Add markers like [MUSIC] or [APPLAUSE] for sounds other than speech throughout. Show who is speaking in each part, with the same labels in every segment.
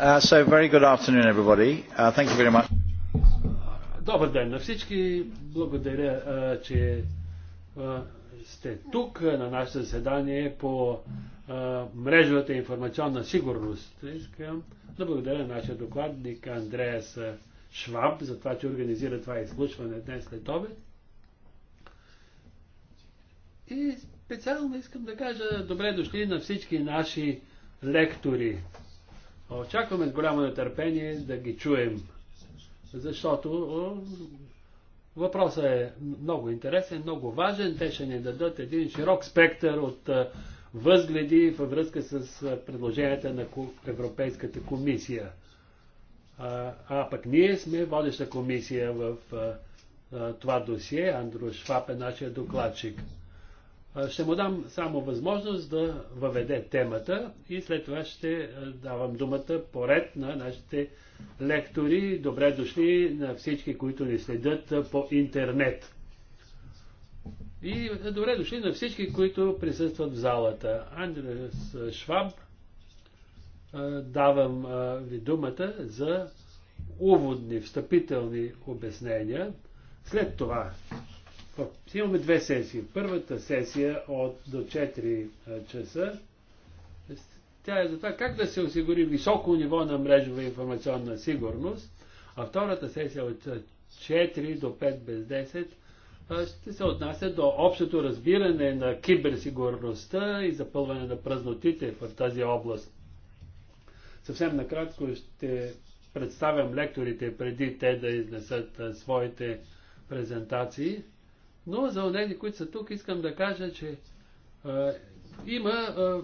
Speaker 1: Uh, so very good afternoon everybody. Uh, thank you very much.
Speaker 2: Добър ден на всички. Благодаря, че сте тук на нашето заседание по а, мрежовата информационна сигурност. Искам да благодаря на нашия докладник Андреас Шваб за това, че организира това изслушване днес след обед. И специално искам да кажа добре дошли на всички наши лектори. Очакваме с голямо нетърпение да ги чуем, защото въпросът е много интересен, много важен. Те ще ни дадат един широк спектър от възгледи във връзка с предложенията на Европейската комисия. А, а пък ние сме водеща комисия в а, това досие. Андро Шваб е нашия докладчик. Ще му дам само възможност да въведе темата и след това ще давам думата поред на нашите лектори. Добре дошли на всички, които ни следят по интернет. И добре дошли на всички, които присъстват в залата. Андрес Шваб, давам ви думата за уводни, встъпителни обяснения. След това Имаме две сесии. Първата сесия от до 4 часа. Тя е за това как да се осигури високо ниво на мрежова информационна сигурност. А втората сесия от 4 до 5 без 10 ще се отнася до общото разбиране на киберсигурността и запълване на празнотите в тази област. Съвсем накратко ще представям лекторите преди те да изнесат своите презентации. Но за онези, които са тук, искам да кажа, че а, има а,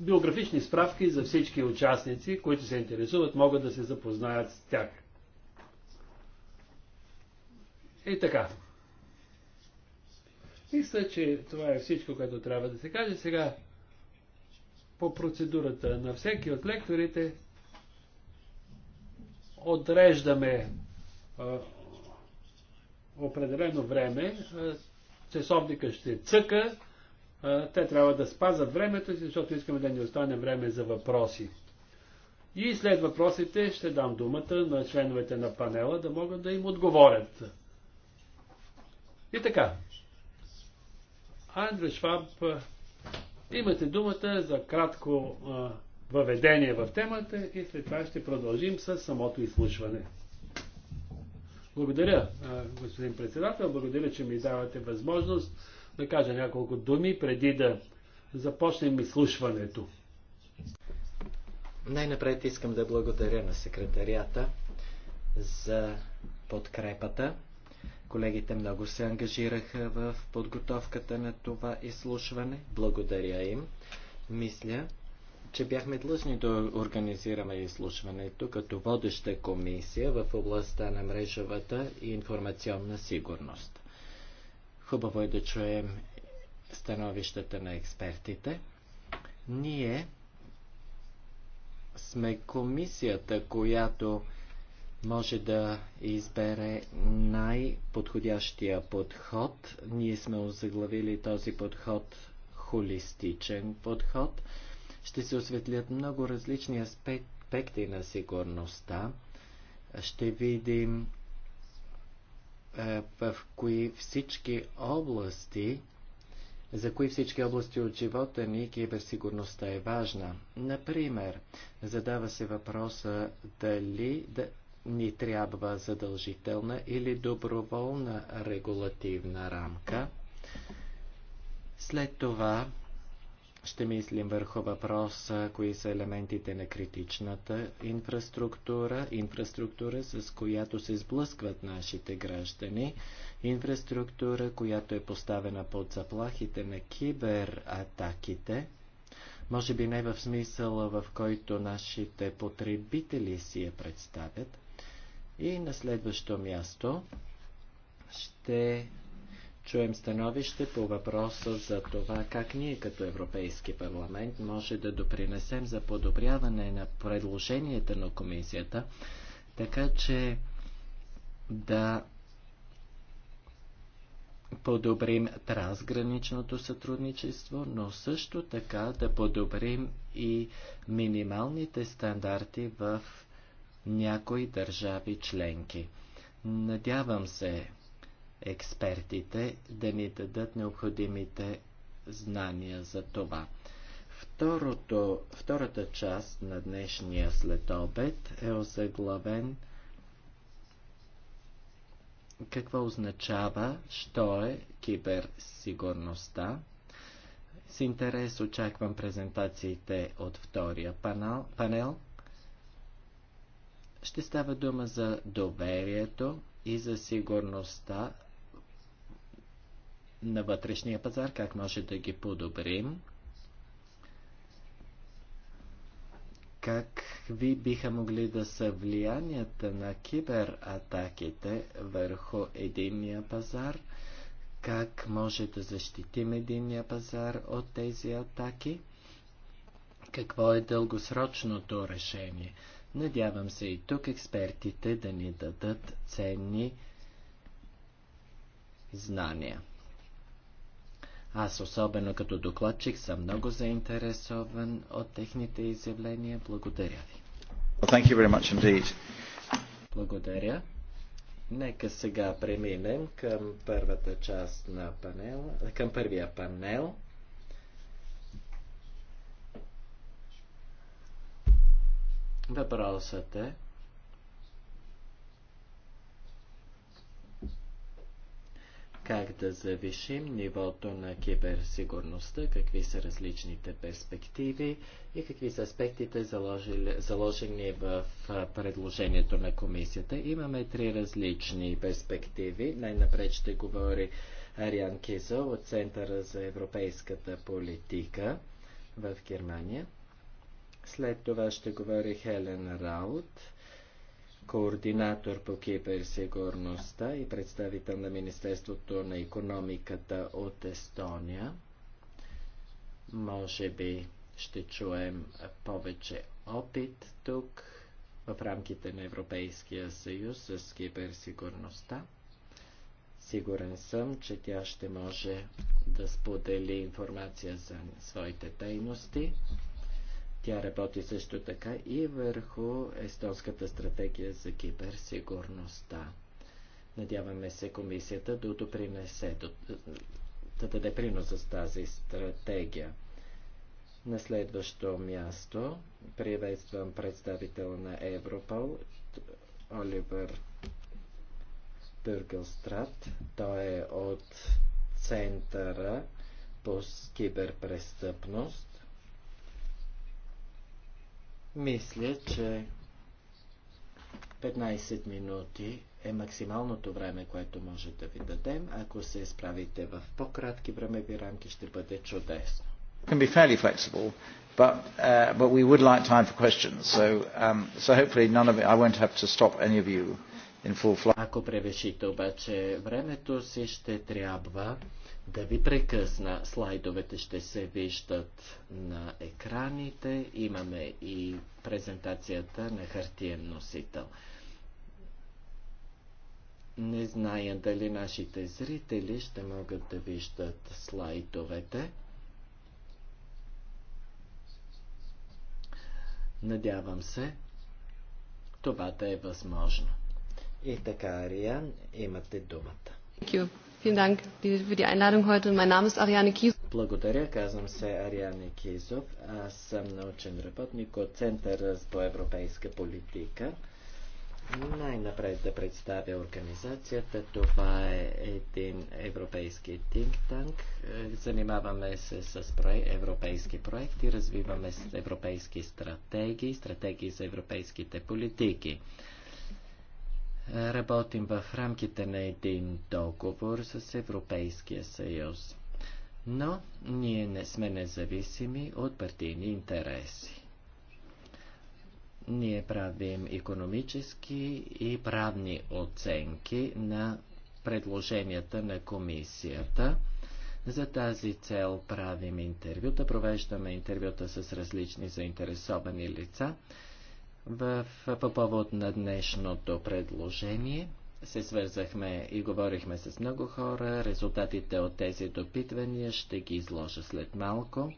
Speaker 2: биографични справки за всички участници, които се интересуват, могат да се запознаят с тях. И така. Мисля, че това е всичко, което трябва да се каже. Сега по процедурата на всеки от лекторите отреждаме определено време часовника ще цъка, те трябва да спазат времето си, защото искаме да ни остане време за въпроси. И след въпросите ще дам думата на членовете на панела да могат да им отговорят. И така. Андре Шваб, имате думата за кратко въведение в темата и след това ще продължим с самото изслушване. Благодаря, господин председател. Благодаря, че ми давате възможност да кажа няколко думи преди да започнем изслушването. Най-напред искам да благодаря на секретарията
Speaker 3: за подкрепата. Колегите много се ангажираха в подготовката на това изслушване. Благодаря им. Мисля, че бяхме длъжни да организираме изслушването като водеща комисия в областта на мрежовата и информационна сигурност. Хубаво е да чуем становищата на експертите. Ние сме комисията, която може да избере най-подходящия подход. Ние сме озаглавили този подход холистичен подход – ще се осветлят много различни аспекти на сигурността. Ще видим е, в кои всички области, за кои всички области от живота ни киберсигурността е важна. Например, задава се въпроса дали да ни трябва задължителна или доброволна регулативна рамка. След това ще мислим върху въпроса, кои са елементите на критичната инфраструктура, инфраструктура, с която се сблъскват нашите граждани, инфраструктура, която е поставена под заплахите на кибератаките, може би не в смисъла, в който нашите потребители си я представят. И на следващо място ще чуем становище по въпроса за това как ние като Европейски парламент може да допринесем за подобряване на предложенията на комисията, така че да подобрим трансграничното сътрудничество, но също така да подобрим и минималните стандарти в някои държави членки. Надявам се, експертите да ни дадат необходимите знания за това. Второто, втората част на днешния следобед е озаглавен какво означава, що е киберсигурността. С интерес очаквам презентациите от втория панел. панел. Ще става дума за доверието и за сигурността на вътрешния пазар, как може да ги подобрим, какви биха могли да са влиянията на кибератаките върху единния пазар, как може да защитим единния пазар от тези атаки, какво е дългосрочното решение. Надявам се и тук експертите да ни дадат ценни знания. Аз особено като докладчик съм много заинтересован от техните изявления. Благодаря ви.
Speaker 1: Well,
Speaker 3: Благодаря. Нека сега преминем към първата част на панела, към първия панел. Въпросът е как да завишим нивото на киберсигурността, какви са различните перспективи и какви са аспектите заложени в предложението на комисията. Имаме три различни перспективи. Най-напред ще говори Ариан Кизо от Центъра за европейската политика в Германия. След това ще говори Хелен Раут координатор по киберсигурността и представител на Министерството на економиката от Естония. Може би ще чуем повече опит тук в рамките на Европейския съюз с киберсигурността. Сигурен съм, че тя ще може да сподели информация за своите дейности. Тя работи също така и върху естонската стратегия за киберсигурността. Надяваме се комисията да допринесе, да даде принос с тази стратегия. На следващо място приветствам представител на Европол Оливер Бюргелстрат. Той е от Центъра по киберпрестъпност. Мисля, че 15 минути е максималното време, което може да ви дадем. Ако се справите в по-кратки времеви рамки, ще бъде чудесно.
Speaker 1: Can be fairly flexible, but uh, but we would like time for questions. So um, so hopefully none of it, I won't have to stop any of you in full flight. Ако
Speaker 3: превишите обаче времето си, ще трябва да ви прекъсна. Слайдовете ще се виждат на екраните. Имаме и презентацията на хартиен носител. Не зная дали нашите зрители ще могат да виждат слайдовете. Надявам се това да е възможно. И така, Ариан, имате думата.
Speaker 1: Thank you. Vielen Dank für die Einladung heute. Mein Name ist Ariane Kiesov.
Speaker 3: Благодаря, казвам се Ариане Кизов. Аз съм научен работник от Центъра по европейска политика. Най-напред да представя организацията. Това е един европейски think tank. Занимаваме се с европейски проекти, развиваме европейски стратегии, стратегии за европейските политики. Работим в рамките на един договор с Европейския съюз. Но ние не сме независими от партийни интереси. Ние правим економически и правни оценки на предложенията на комисията. За тази цел правим интервюта, провеждаме интервюта с различни заинтересовани лица в, по повод на днешното предложение се свързахме и говорихме с много хора. Резултатите от тези допитвания ще ги изложа след малко.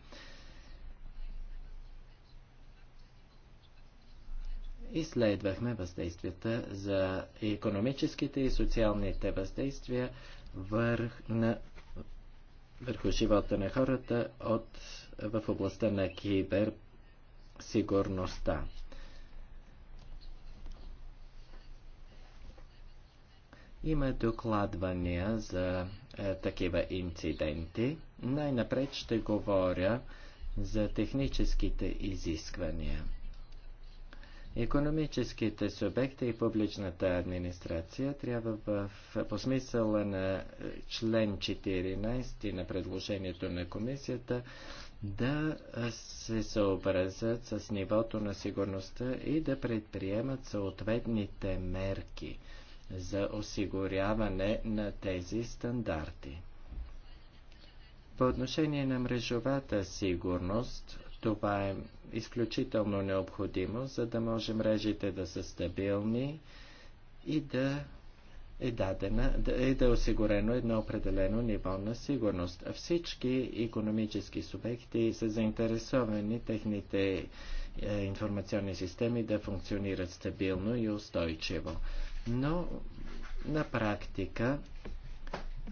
Speaker 3: Изследвахме въздействията за економическите и социалните въздействия върх на, върху живота на хората от, в областта на киберсигурността. Има докладвания за е, такива инциденти. Най-напред ще говоря за техническите изисквания. Економическите субекти и публичната администрация трябва в, по смисъла на е, член 14 на предложението на комисията да е, се съобразят с нивото на сигурността и да предприемат съответните мерки – за осигуряване на тези стандарти. По отношение на мрежовата сигурност, това е изключително необходимо, за да може мрежите да са стабилни и да е, дадена, да, е да е осигурено едно определено ниво на сигурност. Всички економически субекти са заинтересовани техните е, информационни системи да функционират стабилно и устойчиво но на практика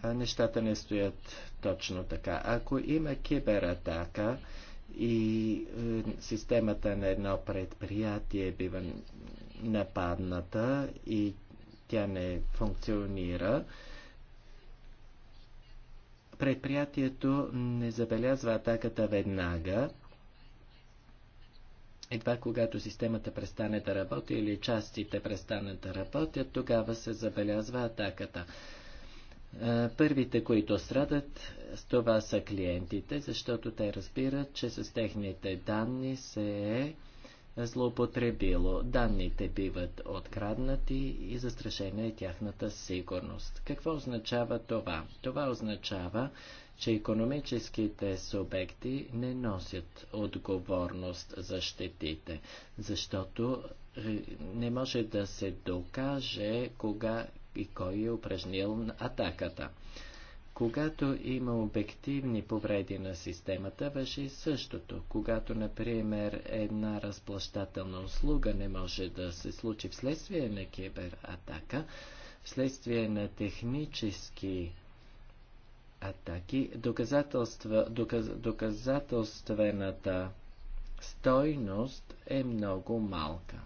Speaker 3: нещата не стоят точно така. Ако има кибератака и е, системата на едно предприятие бива нападната и тя не функционира, предприятието не забелязва атаката веднага едва когато системата престане да работи или частите престанат да работят, тогава се забелязва атаката. Е, първите, които страдат, това са клиентите, защото те разбират, че с техните данни се е злоупотребило. Данните биват откраднати и застрашена е тяхната сигурност. Какво означава това? Това означава, че економическите субекти не носят отговорност за щетите, защото е, не може да се докаже кога и кой е упражнил атаката. Когато има обективни повреди на системата, върши същото. Когато, например, една разплащателна услуга не може да се случи вследствие на кибератака, вследствие на технически атаки, доказателства, доказ, доказателствената стойност е много малка.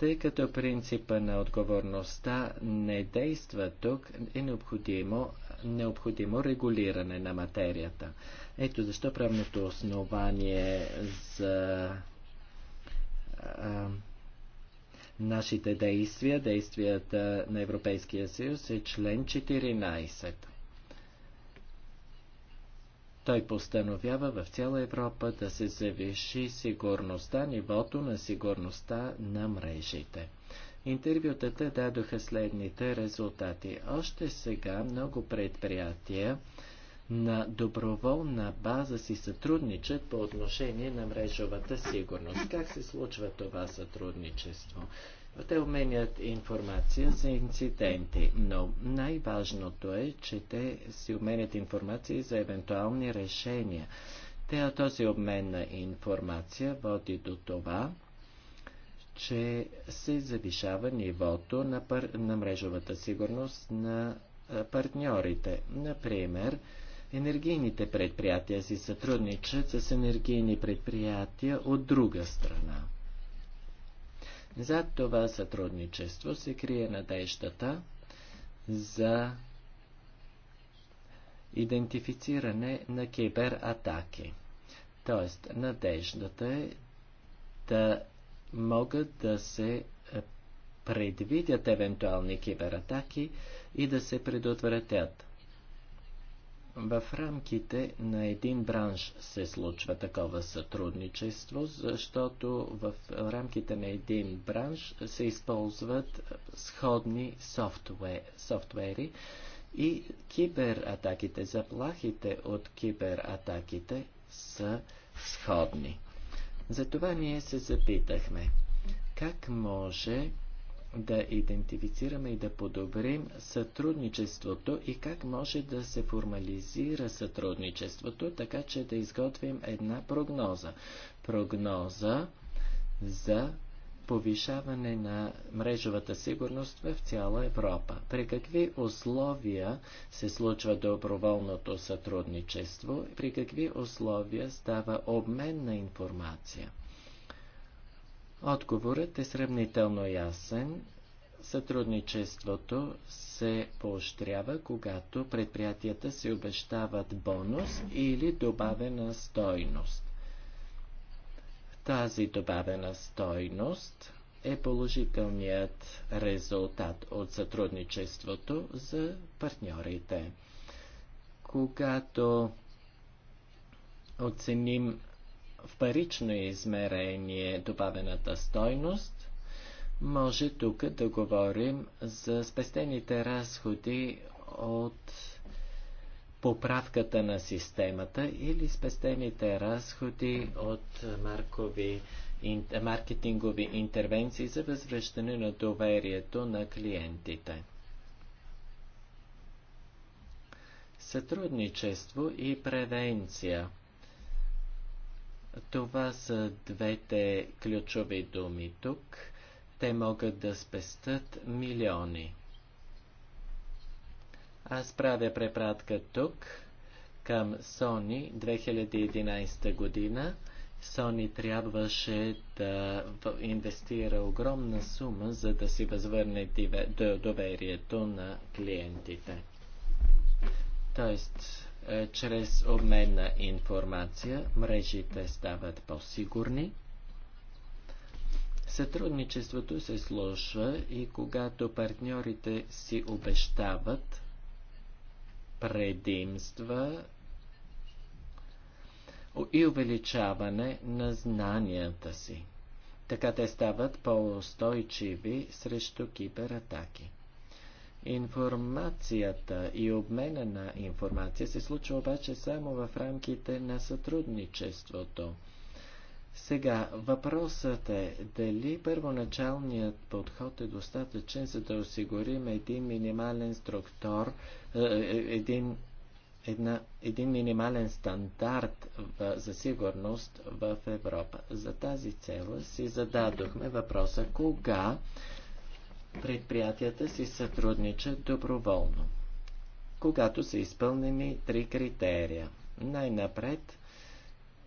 Speaker 3: Тъй като принципа на отговорността не действа тук, е необходимо, необходимо регулиране на материята. Ето защо правното основание за а, нашите действия, действията на Европейския съюз е член 14. Той постановява в цяла Европа да се завиши сигурността, нивото на сигурността на мрежите. Интервютата дадоха следните резултати. Още сега много предприятия на доброволна база си сътрудничат по отношение на мрежовата сигурност. Как се случва това сътрудничество? Те обменят информация за инциденти, но най-важното е, че те си обменят информация за евентуални решения. Те, този обмен на информация води до това, че се завишава нивото на, пар... на мрежовата сигурност на партньорите. Например, енергийните предприятия си сътрудничат с енергийни предприятия от друга страна. Зад това сътрудничество се крие надеждата за идентифициране на кибератаки. Тоест, надеждата е да могат да се е, предвидят евентуални кибератаки и да се предотвратят. В рамките на един бранш се случва такова сътрудничество, защото в рамките на един бранш се използват сходни софтуер, софтуери и кибератаките, заплахите от кибератаките са сходни. Затова ние се запитахме, как може да идентифицираме и да подобрим сътрудничеството и как може да се формализира сътрудничеството, така че да изготвим една прогноза. Прогноза за повишаване на мрежовата сигурност в цяла Европа. При какви условия се случва доброволното сътрудничество? При какви условия става обмен на информация? Отговорът е сравнително ясен. Сътрудничеството се поощрява, когато предприятията се обещават бонус или добавена стойност. Тази добавена стойност е положителният резултат от сътрудничеството за партньорите. Когато оценим в парично измерение добавената стойност, може тук да говорим за спестените разходи от поправката на системата или спестените разходи от маркови, маркетингови интервенции за възвръщане на доверието на клиентите. Сътрудничество и превенция – това са двете ключови думи тук. Те могат да спестат милиони. Аз правя препратка тук към Sony 2011 година. Sony трябваше да инвестира огромна сума, за да си възвърне доверието на клиентите. Тоест, е, чрез обмен на информация мрежите стават по-сигурни. Сътрудничеството се сложва и когато партньорите си обещават предимства и увеличаване на знанията си. Така те стават по-устойчиви срещу кибератаки. Информацията и обмена на информация се случва обаче само в рамките на сътрудничеството. Сега, въпросът е дали първоначалният подход е достатъчен, за да осигурим един минимален структур, е, е, един, една, един минимален стандарт в, за сигурност в Европа. За тази цел си зададохме въпроса кога предприятията си сътрудничат доброволно, когато са изпълнени три критерия. Най-напред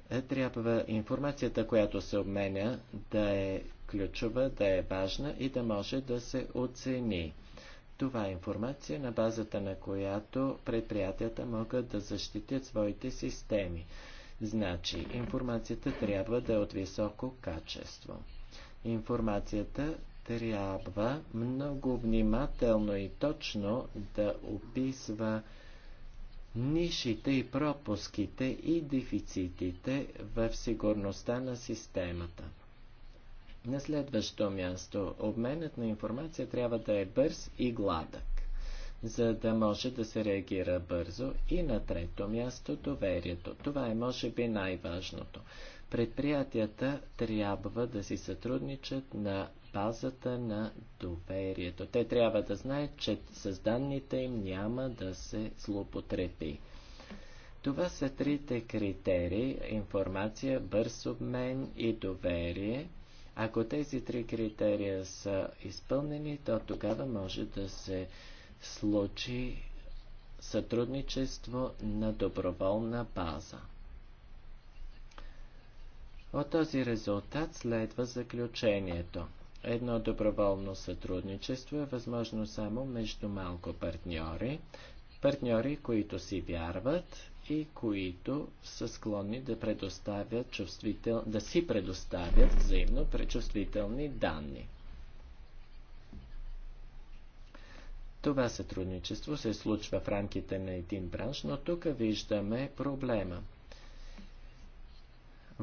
Speaker 3: е, трябва информацията, която се обменя, да е ключова, да е важна и да може да се оцени. Това е информация, на базата на която предприятията могат да защитят своите системи. Значи, информацията трябва да е от високо качество. Информацията трябва много внимателно и точно да описва нишите и пропуските и дефицитите в сигурността на системата. На следващо място, обменът на информация трябва да е бърз и гладък, за да може да се реагира бързо. И на трето място, доверието. Това е, може би, най-важното. Предприятията трябва да си сътрудничат на базата на доверието. Те трябва да знаят, че с данните им няма да се злоупотреби. Това са трите критерии – информация, бърз обмен и доверие. Ако тези три критерия са изпълнени, то тогава може да се случи сътрудничество на доброволна база. От този резултат следва заключението – Едно доброволно сътрудничество е възможно само между малко партньори, партньори, които си вярват и които са склонни да, предоставят чувствител... да си предоставят взаимно пречувствителни данни. Това сътрудничество се случва в рамките на един бранш, но тук виждаме проблема –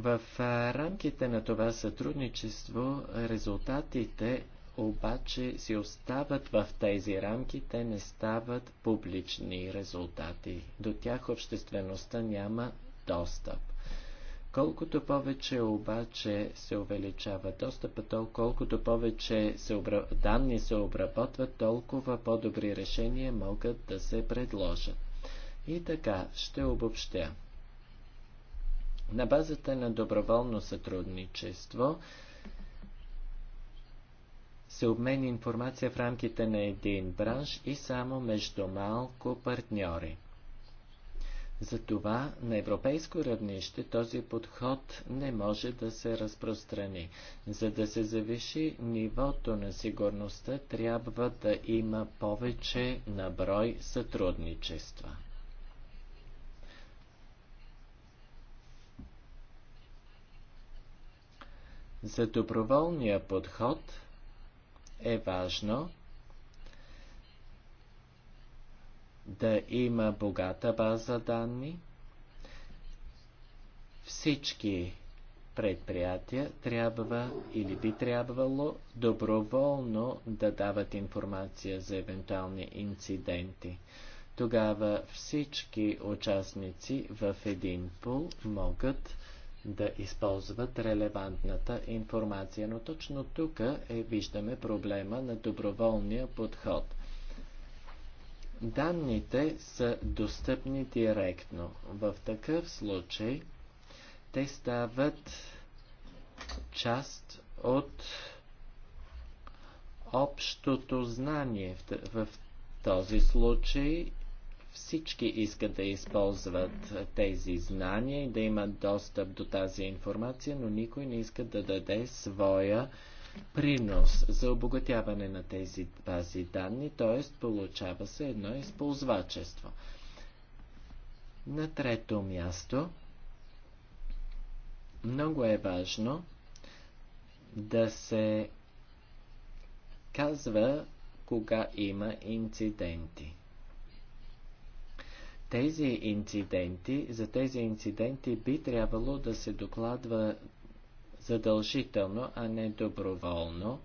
Speaker 3: в рамките на това сътрудничество резултатите обаче си остават в тези рамки, те не стават публични резултати. До тях обществеността няма достъп. Колкото повече обаче се увеличава достъпа, то колкото повече се обра... данни се обработват, толкова по-добри решения могат да се предложат. И така, ще обобщя. На базата на доброволно сътрудничество се обмени информация в рамките на един бранш и само между малко партньори. Затова на европейско равнище този подход не може да се разпространи. За да се завиши нивото на сигурността, трябва да има повече наброй сътрудничества. За доброволния подход е важно да има богата база данни. Всички предприятия трябва или би трябвало доброволно да дават информация за евентуални инциденти. Тогава всички участници в един пул могат да използват релевантната информация. Но точно тук е, виждаме проблема на доброволния подход. Данните са достъпни директно. В такъв случай те стават част от общото знание. В, в този случай всички искат да използват тези знания и да имат достъп до тази информация, но никой не иска да даде своя принос за обогатяване на тези бази данни, т.е. получава се едно използвачество. На трето място, много е важно да се казва кога има инциденти тези инциденти, за тези инциденти би трябвало да се докладва задължително, а не доброволно.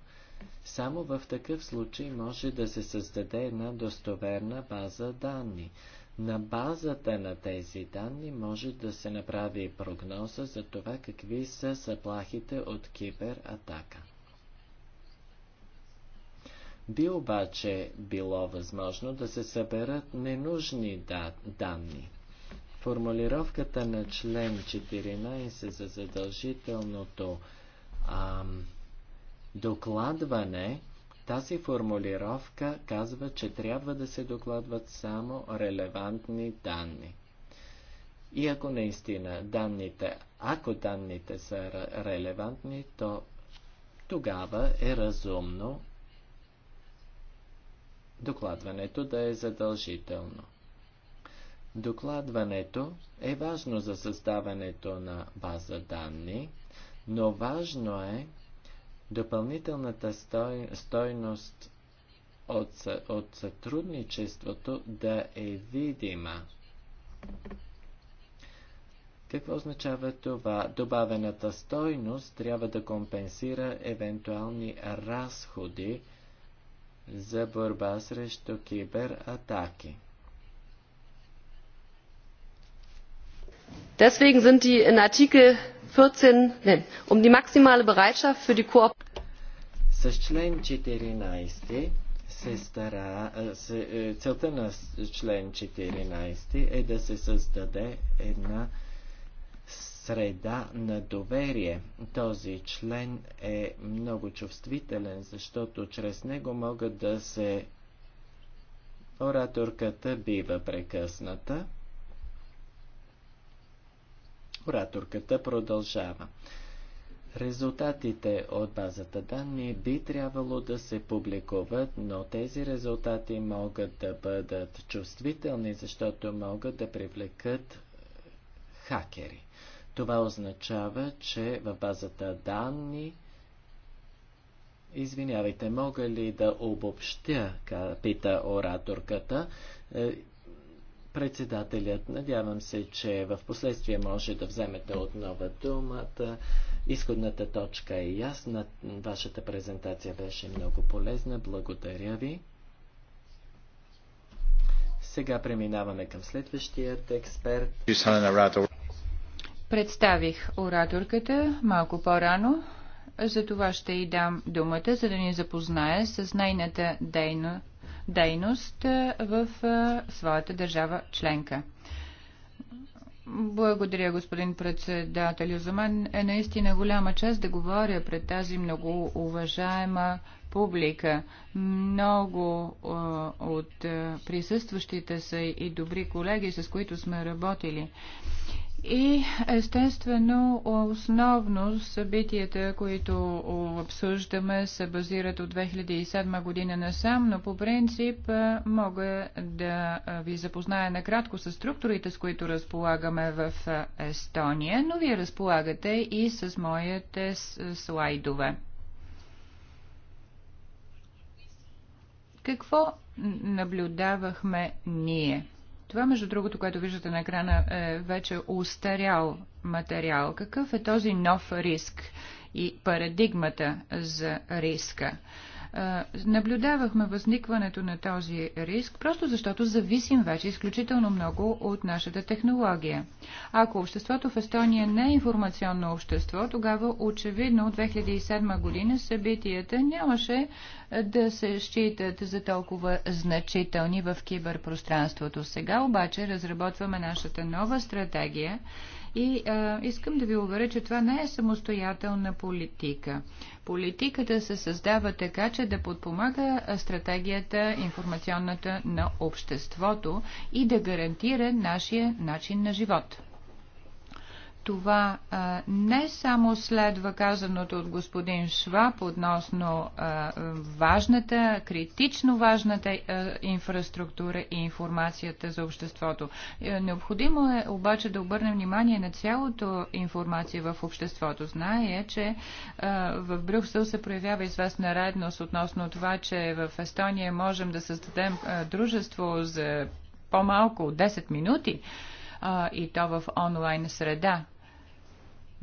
Speaker 3: Само в такъв случай може да се създаде една достоверна база данни. На базата на тези данни може да се направи прогноза за това какви са заплахите от кибератака. Би обаче било възможно да се съберат ненужни да, данни. Формулировката на член 14 за задължителното ам, докладване, тази формулировка казва, че трябва да се докладват само релевантни данни. И ако наистина данните, ако данните са релевантни, то тогава е разумно докладването да е задължително. Докладването е важно за създаването на база данни, но важно е допълнителната стой, стойност от, от сътрудничеството да е видима. Какво означава това? Добавената стойност трябва да компенсира евентуални разходи, за борба срещу кибератаки.
Speaker 1: Deswegen sind die in Artikel 14 nee, um die maximale Bereitschaft für die Kooperation
Speaker 3: целта на член 14 е да се създаде една среда на доверие. Този член е много чувствителен, защото чрез него могат да се ораторката бива прекъсната. Ораторката продължава. Резултатите от базата данни би трябвало да се публикуват, но тези резултати могат да бъдат чувствителни, защото могат да привлекат хакери. Това означава, че в базата данни Извинявайте, мога ли да обобщя, пита ораторката. Е, председателят, надявам се, че в последствие може да вземете отново думата. Изходната точка е ясна. Вашата презентация беше много полезна. Благодаря ви. Сега преминаваме към следващият експерт.
Speaker 1: Представих ораторката малко по-рано, за това ще й дам думата, за да ни запознае с нейната дейно, дейност в своята държава членка. Благодаря, господин председател. За мен е наистина голяма чест да говоря пред тази много уважаема публика. Много а, от присъстващите са и добри колеги, с които сме работили. И естествено, основно събитията, които обсъждаме, се базират от 2007 година насам, но по принцип мога да ви запозная накратко с структурите, с които разполагаме в Естония, но вие разполагате и с моите слайдове. Какво наблюдавахме ние? Това, между другото, което виждате на екрана, е вече устарял материал. Какъв е този нов риск и парадигмата за риска? наблюдавахме възникването на този риск, просто защото зависим вече изключително много от нашата технология. Ако обществото в Естония не е информационно общество, тогава очевидно от 2007 година събитията нямаше да се считат за толкова значителни в киберпространството. Сега обаче разработваме нашата нова стратегия и а, искам да ви уверя, че това не е самостоятелна политика. Политиката се създава така, че да подпомага стратегията, информационната на обществото и да гарантира нашия начин на живот това а, не само следва казаното от господин Шваб относно а, важната, критично важната а, инфраструктура и информацията за обществото. Е, необходимо е обаче да обърнем внимание на цялото информация в обществото. Знае, че а, в Брюксел се проявява известна редност относно това, че в Естония можем да създадем а, дружество за по-малко от 10 минути и то в онлайн среда.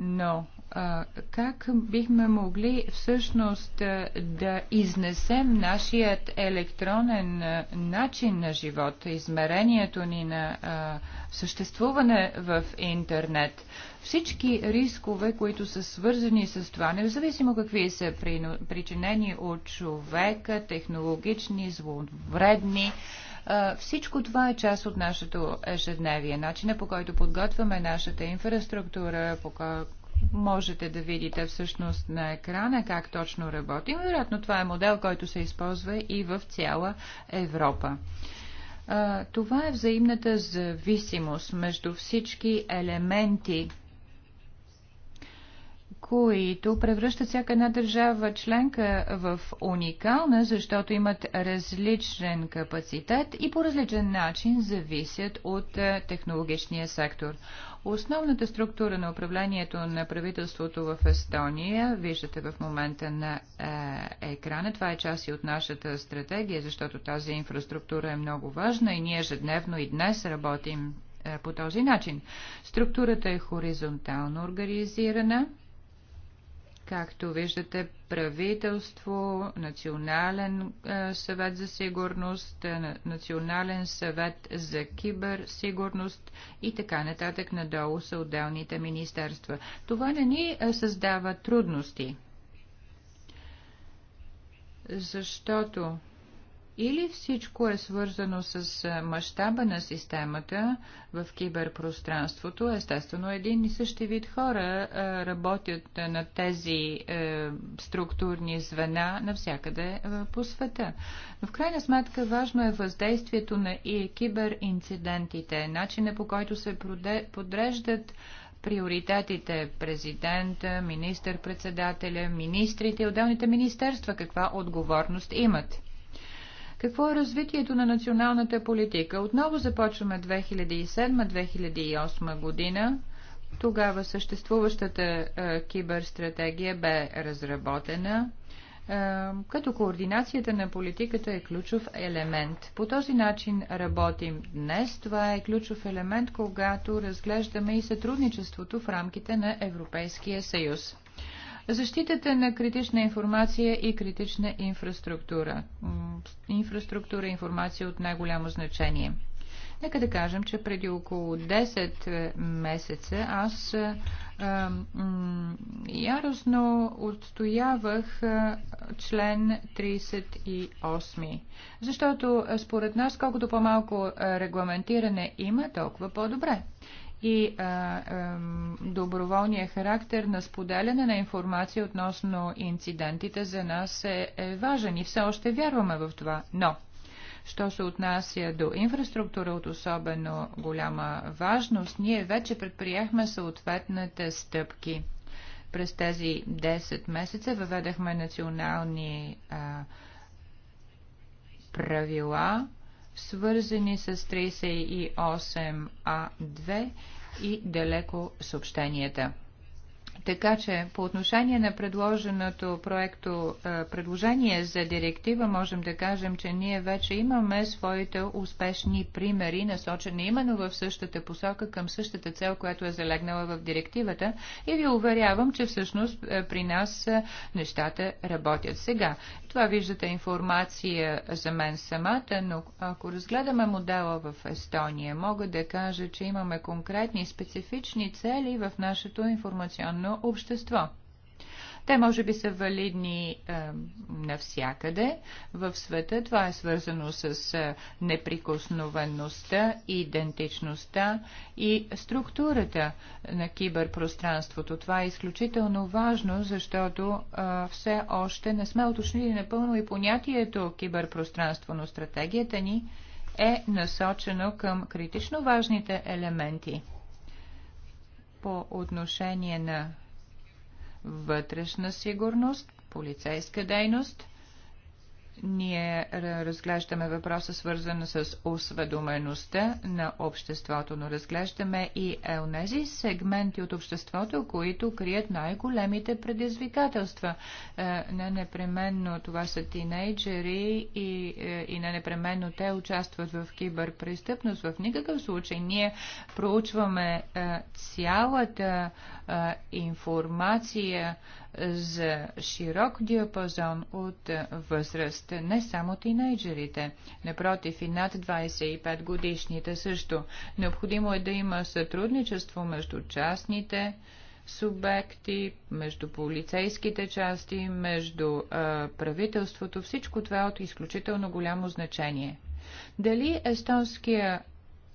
Speaker 1: Но а, как бихме могли всъщност да изнесем нашият електронен начин на живот, измерението ни на а, съществуване в интернет? Всички рискове, които са свързани с това, независимо какви са причинени от човека, технологични, зловредни, всичко това е част от нашето ежедневие, начина по който подготвяме нашата инфраструктура, по който можете да видите всъщност на екрана как точно работим. Вероятно това е модел, който се използва и в цяла Европа. Това е взаимната зависимост между всички елементи които превръщат всяка една държава членка в уникална, защото имат различен капацитет и по различен начин зависят от е, технологичния сектор. Основната структура на управлението на правителството в Естония, виждате в момента на е, екрана, това е част и от нашата стратегия, защото тази инфраструктура е много важна и ние ежедневно и днес работим е, по този начин. Структурата е хоризонтално организирана Както виждате, правителство, Национален е, съвет за сигурност, е, Национален съвет за киберсигурност и така нататък надолу са отделните министерства. Това не ни е, създава трудности, защото или всичко е свързано с мащаба на системата в киберпространството. Естествено, един и същи вид хора работят на тези структурни звена навсякъде по света. Но в крайна сметка важно е въздействието на и киберинцидентите, начина по който се подреждат приоритетите президента, министър-председателя, министрите и отделните министерства, каква отговорност имат. Какво е развитието на националната политика? Отново започваме 2007-2008 година. Тогава съществуващата е, киберстратегия бе разработена, е, като координацията на политиката е ключов елемент. По този начин работим днес. Това е ключов елемент, когато разглеждаме и сътрудничеството в рамките на Европейския съюз. Защитата на критична информация и критична инфраструктура. Инфраструктура и информация от най-голямо значение. Нека да кажем, че преди около 10 е, месеца аз е, а, м, яростно отстоявах а, е, член 38. Защото според нас, колкото по-малко регламентиране има, толкова по-добре и а, а, доброволния характер на споделяне на информация относно инцидентите за нас е, е важен и все още вярваме в това. Но Що се отнася до инфраструктура от особено голяма важност, ние вече предприехме съответните стъпки. През тези 10 месеца въведахме национални а, правила, свързани с 38А2 и далеко съобщенията. Така че по отношение на предложеното проекто е, предложение за директива можем да кажем, че ние вече имаме своите успешни примери, насочени именно в същата посока към същата цел, която е залегнала в директивата и ви уверявам, че всъщност е, при нас е, нещата работят сега. Това виждате информация за мен самата, но ако разгледаме модела в Естония, мога да кажа, че имаме конкретни специфични цели в нашето информационно електронно общество. Те може би са валидни е, навсякъде в света. Това е свързано с е, неприкосновеността, идентичността и структурата на киберпространството. Това е изключително важно, защото е, все още не сме уточнили напълно и понятието киберпространство, но стратегията ни е насочено към критично важните елементи – по отношение на вътрешна сигурност, полицейска дейност ние е, разглеждаме въпроса, свързан с осведомеността на обществото, но разглеждаме и елнези сегменти от обществото, които крият най-големите предизвикателства. Е, не непременно това са тинейджери и, е, и не непременно те участват в киберпрестъпност. В никакъв случай ние проучваме цялата информация за широк диапазон от възраст възраст, не само тинейджерите. Напротив и над 25 годишните също. Необходимо е да има сътрудничество между частните субекти, между полицейските части, между а, правителството. Всичко това е от изключително голямо значение. Дали естонския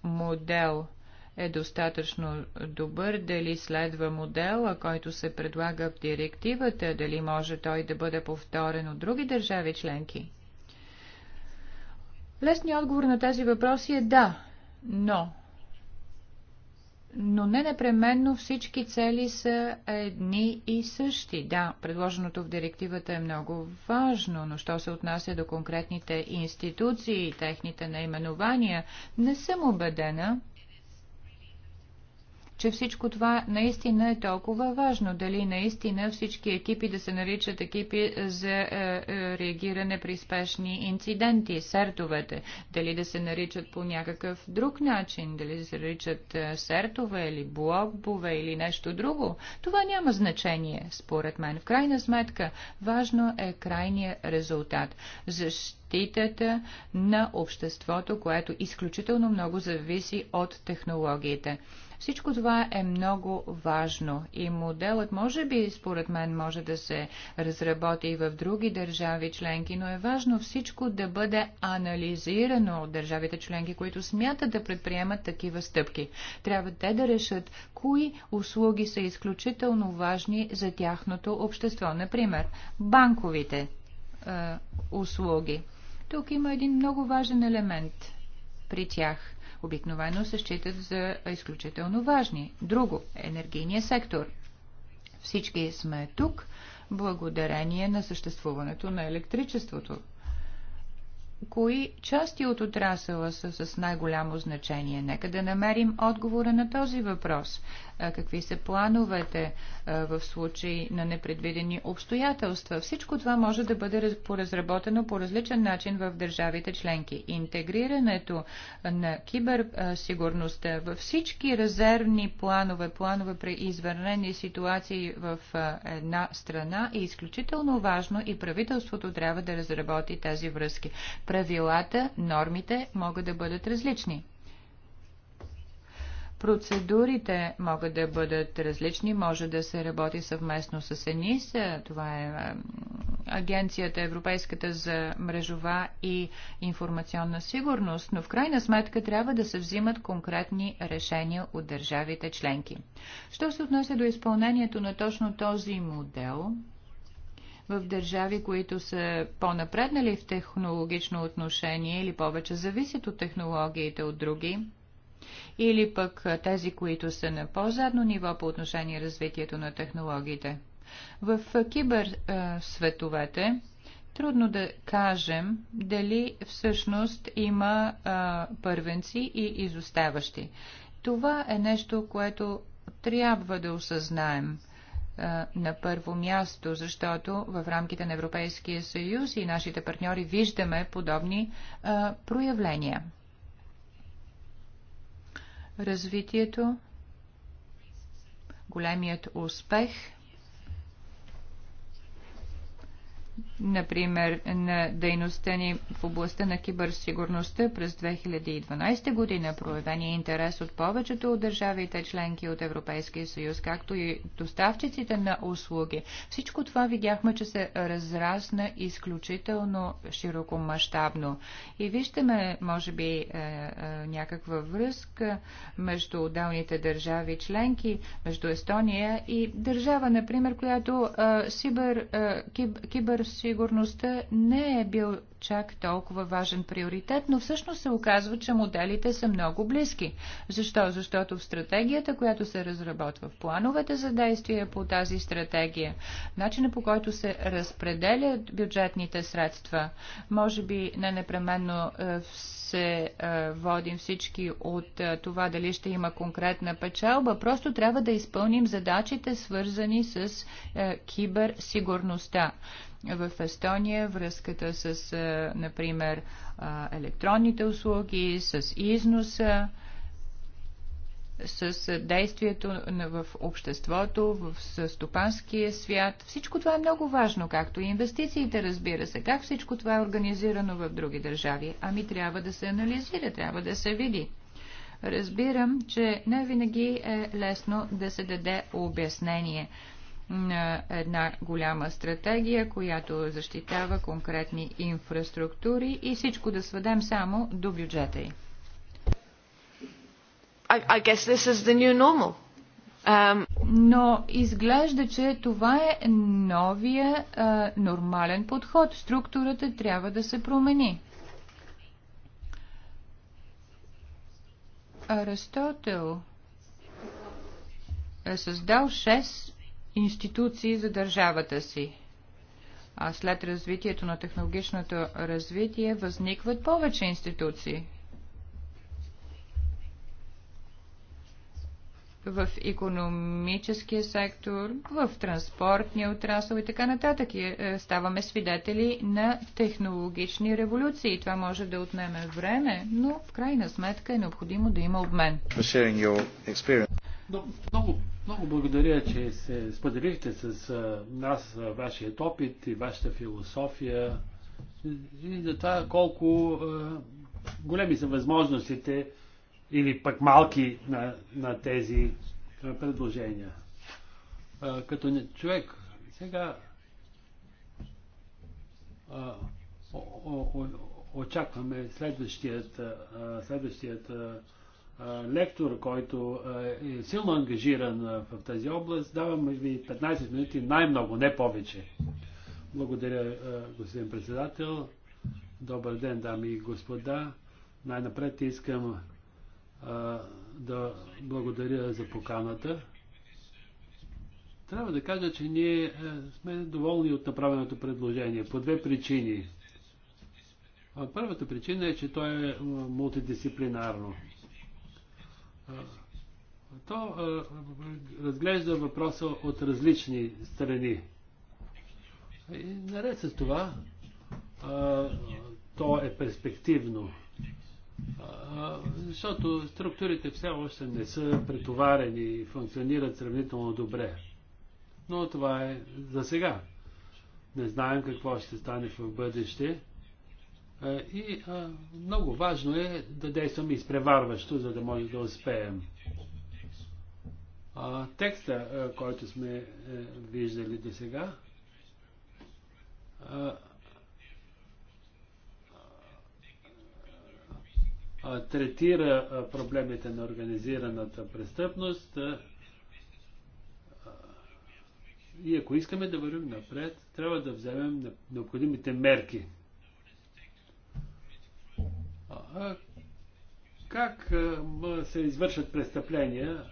Speaker 1: модел – е достатъчно добър, дали следва модела, който се предлага в директивата, дали може той да бъде повторен от други държави членки? Лесният отговор на тази въпрос е да, но. Но не непременно всички цели са едни и същи. Да, предложеното в директивата е много важно, но що се отнася до конкретните институции и техните наименования, не съм убедена, че всичко това наистина е толкова важно. Дали наистина всички екипи да се наричат екипи за е, е, реагиране при спешни инциденти, сертовете, дали да се наричат по някакъв друг начин, дали да се наричат е, сертове или блокбове, или нещо друго. Това няма значение, според мен. В крайна сметка, важно е крайният резултат. Защо? защитата на обществото, което изключително много зависи от технологиите. Всичко това е много важно и моделът може би, според мен, може да се разработи и в други държави членки, но е важно всичко да бъде анализирано от държавите членки, които смятат да предприемат такива стъпки. Трябва те да решат кои услуги са изключително важни за тяхното общество. Например, банковите е, услуги. Тук има един много важен елемент при тях – обикновено се считат за изключително важни. Друго е – енергийния сектор. Всички сме тук благодарение на съществуването на електричеството. Кои части от отрасъла са с най-голямо значение? Нека да намерим отговора на този въпрос какви са плановете в случай на непредвидени обстоятелства. Всичко това може да бъде поразработено по различен начин в държавите членки. Интегрирането на киберсигурността във всички резервни планове, планове при извърнени ситуации в една страна е изключително важно и правителството трябва да разработи тези връзки. Правилата, нормите могат да бъдат различни. Процедурите могат да бъдат различни, може да се работи съвместно с ЕНИС, това е Агенцията Европейската за мрежова и информационна сигурност, но в крайна сметка трябва да се взимат конкретни решения от държавите членки. Що се отнася до изпълнението на точно този модел, в държави, които са по-напреднали в технологично отношение или повече зависят от технологиите от други, или пък тези, които са на по-задно ниво по отношение развитието на технологиите. В киберсветовете трудно да кажем дали всъщност има първенци и изоставащи. Това е нещо, което трябва да осъзнаем на първо място, защото в рамките на Европейския съюз и нашите партньори виждаме подобни а, проявления развитието, големият успех – например, на дейността ни в областта на киберсигурността през 2012 година, проявен е интерес от повечето от държавите членки от Европейския съюз, както и доставчиците на услуги. Всичко това видяхме, че се разрасна изключително широкомащабно. И виждаме, може би, е, е, някаква връзка между отделните държави членки, между Естония и държава, например, която киберсигурността сигурността не е бил чак толкова важен приоритет, но всъщност се оказва, че моделите са много близки. Защо? Защото в стратегията, която се разработва, в плановете за действие по тази стратегия, начина по който се разпределят бюджетните средства, може би не непременно е, се е, водим всички от е, това дали ще има конкретна печалба, просто трябва да изпълним задачите, свързани с киберсигурността в Естония, връзката с, например, електронните услуги, с износа, с действието в обществото, в стопанския свят. Всичко това е много важно, както и инвестициите, разбира се. Как всичко това е организирано в други държави? Ами трябва да се анализира, трябва да се види. Разбирам, че не винаги е лесно да се даде обяснение на една голяма стратегия, която защитава конкретни инфраструктури и всичко да сведем само до бюджета й. I, guess this is the new normal. Um... Но изглежда, че това е новия а, нормален подход. Структурата трябва да се промени. Аристотел е създал 6 институции за държавата си. А след развитието на технологичното развитие възникват повече институции. в економическия сектор, в транспортния отрасъл и така нататък. Е, ставаме свидетели на технологични революции. Това може да отнеме време, но в крайна сметка е необходимо да има обмен. Много,
Speaker 2: много благодаря, че се споделихте с нас вашият опит и вашата философия и за това колко големи са възможностите или пък малки на, на тези предложения. Като човек сега очакваме следващият, следващият лектор, който е силно ангажиран в тази област, давам ви 15 минути най-много, не повече. Благодаря, господин председател. Добър ден, дами и господа. Най-напред искам да благодаря за поканата. Трябва да кажа, че ние сме доволни от направеното предложение по две причини. Първата причина е, че то е мултидисциплинарно то е, разглежда въпроса от различни страни. И наред с това, е, то е перспективно. Е, защото структурите все още не са претоварени и функционират сравнително добре. Но това е за сега. Не знаем какво ще стане в бъдеще. Е, и а, много важно е да действаме изпреварващо, за да можем да успеем. А, текста, а, е, който сме а, е, виждали до сега, третира проблемите на организираната престъпност и ако искаме да вървим напред, трябва да вземем необходимите мерки как се извършат престъпления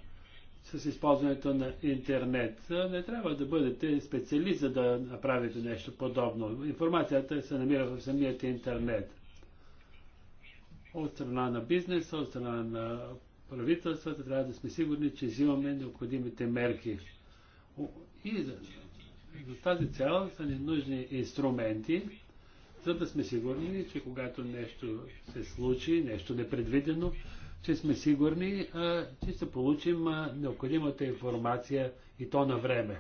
Speaker 2: с използването на интернет. Не трябва да бъдете специалист, за да направите нещо подобно. Информацията се намира в самият интернет. От страна на бизнеса, от страна на правителствата трябва да сме сигурни, че взимаме необходимите мерки. И за, за тази цел са ни нужни инструменти, за да сме сигурни, че когато нещо се случи, нещо непредвидено, че сме сигурни, а, че ще получим а, необходимата информация и то на време.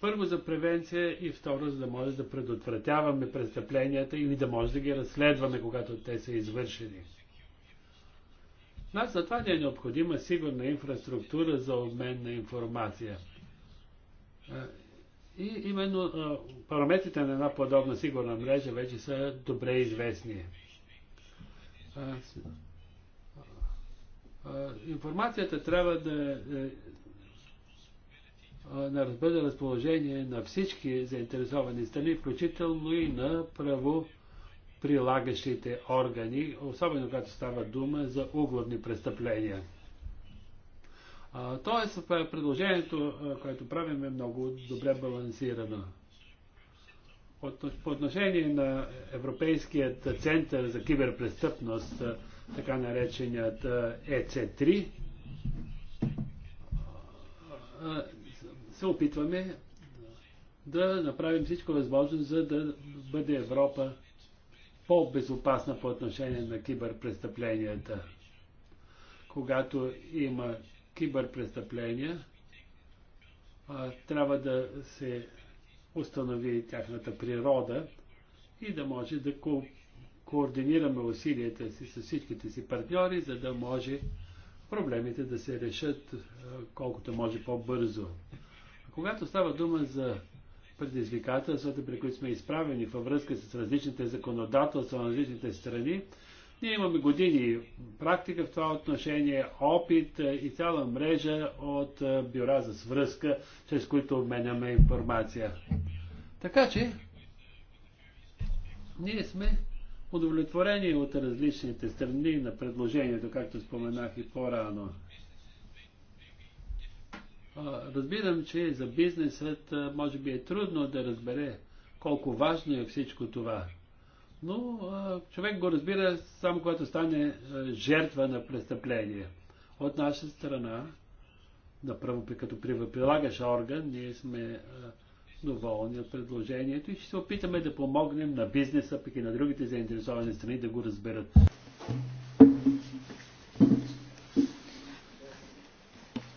Speaker 2: Първо за превенция и второ, за да може да предотвратяваме престъпленията или да може да ги разследваме, когато те са извършени. Нас затова не е необходима сигурна инфраструктура за обмен на информация. И именно параметрите на една подобна сигурна мрежа вече са добре известни. Информацията трябва да е, на бъде разположение на всички заинтересовани страни, включително и на право прилагащите органи, особено когато става дума за угловни престъпления. Тоест, предложението, което правим, е много добре балансирано. От, по отношение на Европейският център за киберпрестъпност, така нареченият ЕЦ3, се опитваме да направим всичко възможно, за да бъде Европа по-безопасна по отношение на киберпрестъпленията. Когато има киберпрестъпления, а, трябва да се установи тяхната природа и да може да ко- координираме усилията си с всичките си партньори, за да може проблемите да се решат а, колкото може по-бързо. Когато става дума за предизвикателствата, при които сме изправени във връзка с различните законодателства на различните страни, ние имаме години практика в това отношение, опит е, и цяла мрежа от е, бюра за свръзка, чрез които обменяме информация. Така че, ние сме удовлетворени от различните страни на предложението, както споменах и по-рано. Разбирам, че за бизнесът е, може би е трудно да разбере колко важно е всичко това но а, човек го разбира само когато стане а, жертва на престъпление. От наша страна, направо като прилагаш орган, ние сме а, доволни от предложението и ще се опитаме да помогнем на бизнеса, пък и на другите заинтересовани страни да го разберат.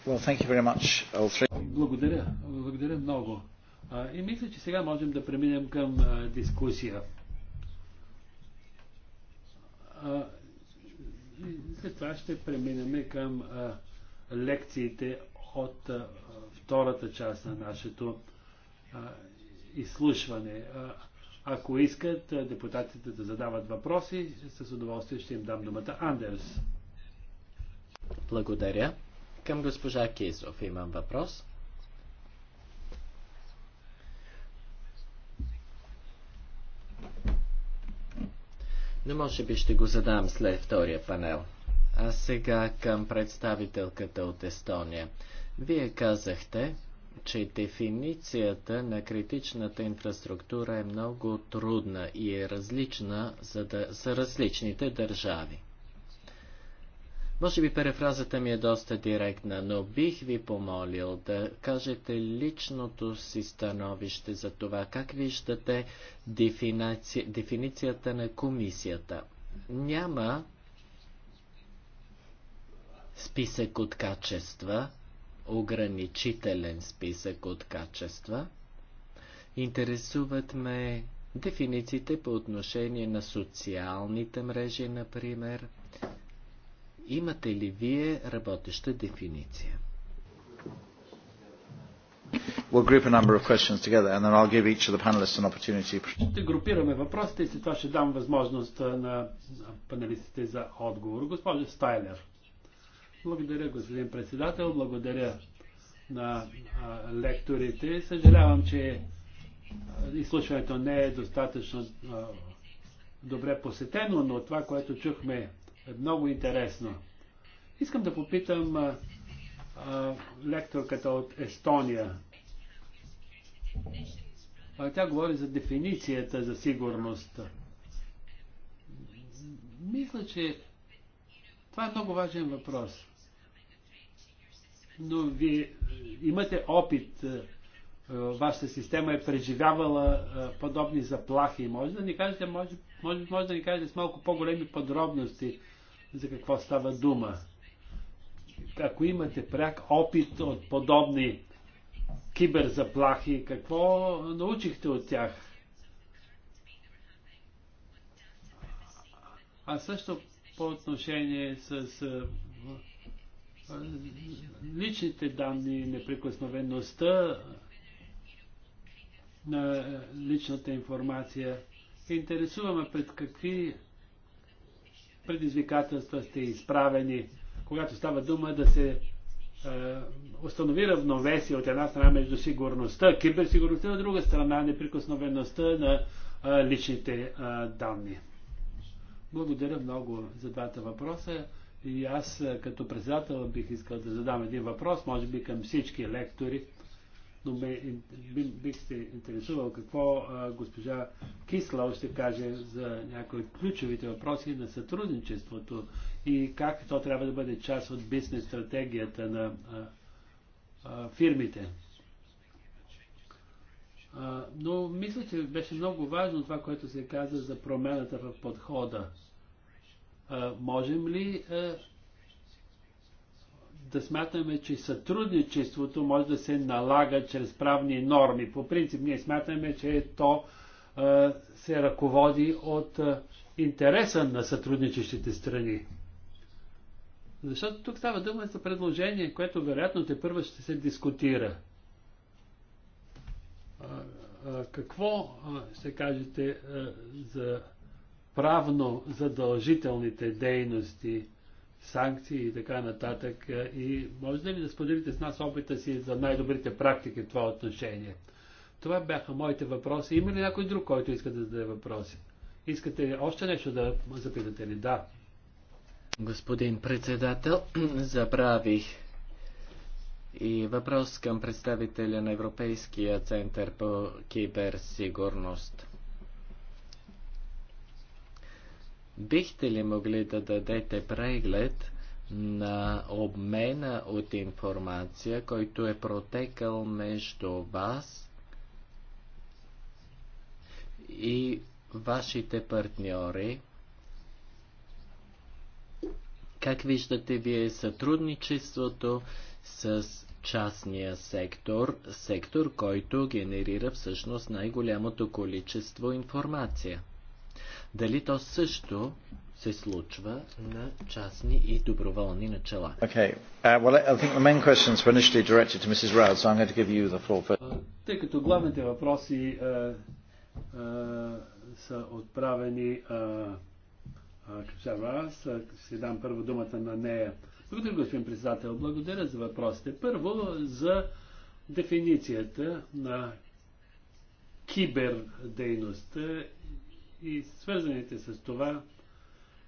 Speaker 1: Well, thank you very much, all three. Благодаря.
Speaker 2: Благодаря много. А, и мисля, че сега можем да преминем към а, дискусия след това ще преминем към а, лекциите от а, втората част на нашето а, изслушване. А, ако искат а, депутатите да задават въпроси, с удоволствие ще им дам думата. Андерс.
Speaker 3: Благодаря. Към госпожа Кейсов имам въпрос. но може би ще го задам след втория панел. А сега към представителката от Естония. Вие казахте, че дефиницията на критичната инфраструктура е много трудна и е различна за, да, за различните държави. Може би перефразата ми е доста директна, но бих ви помолил да кажете личното си становище за това, как виждате дефиниция, дефиницията на комисията. Няма списък от качества, ограничителен списък от качества. Интересуват ме дефинициите по отношение на социалните мрежи, например – Имате ли вие
Speaker 2: работеща дефиниция?
Speaker 1: We'll group a number of questions together and then I'll give each of the panelists an opportunity.
Speaker 2: Ще групираме въпросите и след това ще дам възможност на панелистите за отговор. Госпожа Стайлер. Благодаря, господин председател. Благодаря на а, лекторите. Съжалявам, че изслушването не е достатъчно а, добре посетено, но това, което чухме е много интересно. Искам да попитам а, а, лекторката от Естония. А, тя говори за дефиницията за сигурност. Мисля, че това е много важен въпрос. Но вие имате опит, вашата система е преживявала подобни заплахи. Може да ни кажете, може, може, може да ни кажете с малко по-големи подробности за какво става дума. Ако имате пряк опит от подобни киберзаплахи, какво научихте от тях? А също по отношение с личните данни, неприкосновеността на личната информация. Интересуваме пред какви предизвикателства сте изправени, когато става дума да се установи равновесие от една страна между сигурността, киберсигурността, от друга страна неприкосновеността на е, личните е, данни. Благодаря много за двата въпроса и аз като председател бих искал да задам един въпрос, може би към всички лектори но ме, би, бих се интересувал какво а, госпожа Кисла ще каже за някои от ключовите въпроси на сътрудничеството и как то трябва да бъде част от бизнес стратегията на а, а, фирмите. А, но мисля, че беше много важно това, което се каза за промената в подхода. А, можем ли а, да смятаме, че сътрудничеството може да се налага чрез правни норми. По принцип ние смятаме, че то а, се ръководи от а, интереса на сътрудничещите страни. Защото тук става дума за предложение, което вероятно те първо ще се дискутира. А, а, какво а, ще кажете а, за правно задължителните дейности? санкции и така нататък. Е, и да ли да споделите с нас опита си за най-добрите практики в това отношение? Това бяха моите въпроси. Има ли някой друг, който иска да зададе въпроси? Искате ли още нещо да запитате ли? Да. Господин председател, [CLEARS THROAT]
Speaker 3: забравих и въпрос към представителя на Европейския център по киберсигурност. Бихте ли могли да дадете преглед на обмена от информация, който е протекал между вас и вашите партньори? Как виждате вие сътрудничеството с частния сектор, сектор, който генерира всъщност най-голямото количество информация? дали то също се случва на частни и доброволни начала.
Speaker 1: Okay. Uh, well, I think the main questions were initially directed to Mrs. so I'm going to give you the floor first. Uh,
Speaker 2: тъй като главните въпроси uh, uh, са отправени uh, uh Капча uh, ще дам първо думата на нея. Благодаря, господин председател. Благодаря за въпросите. Първо за дефиницията на кибердейността и свързаните с това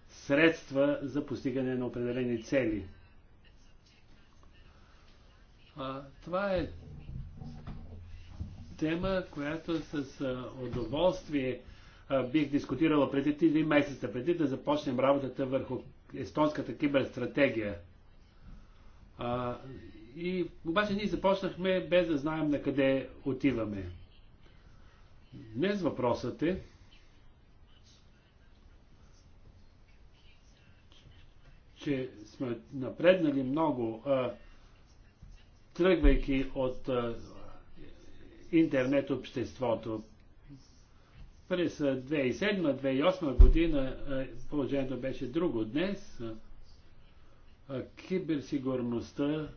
Speaker 2: средства за постигане на определени цели. А, това е тема, която с а, удоволствие а, бих дискутирала преди три месеца, преди да започнем работата върху естонската киберстратегия. А, и обаче ние започнахме без да знаем на къде отиваме. Днес въпросът е че сме напреднали много, а, тръгвайки от а, интернет обществото. През 2007-2008 година положението беше друго. Днес а, киберсигурността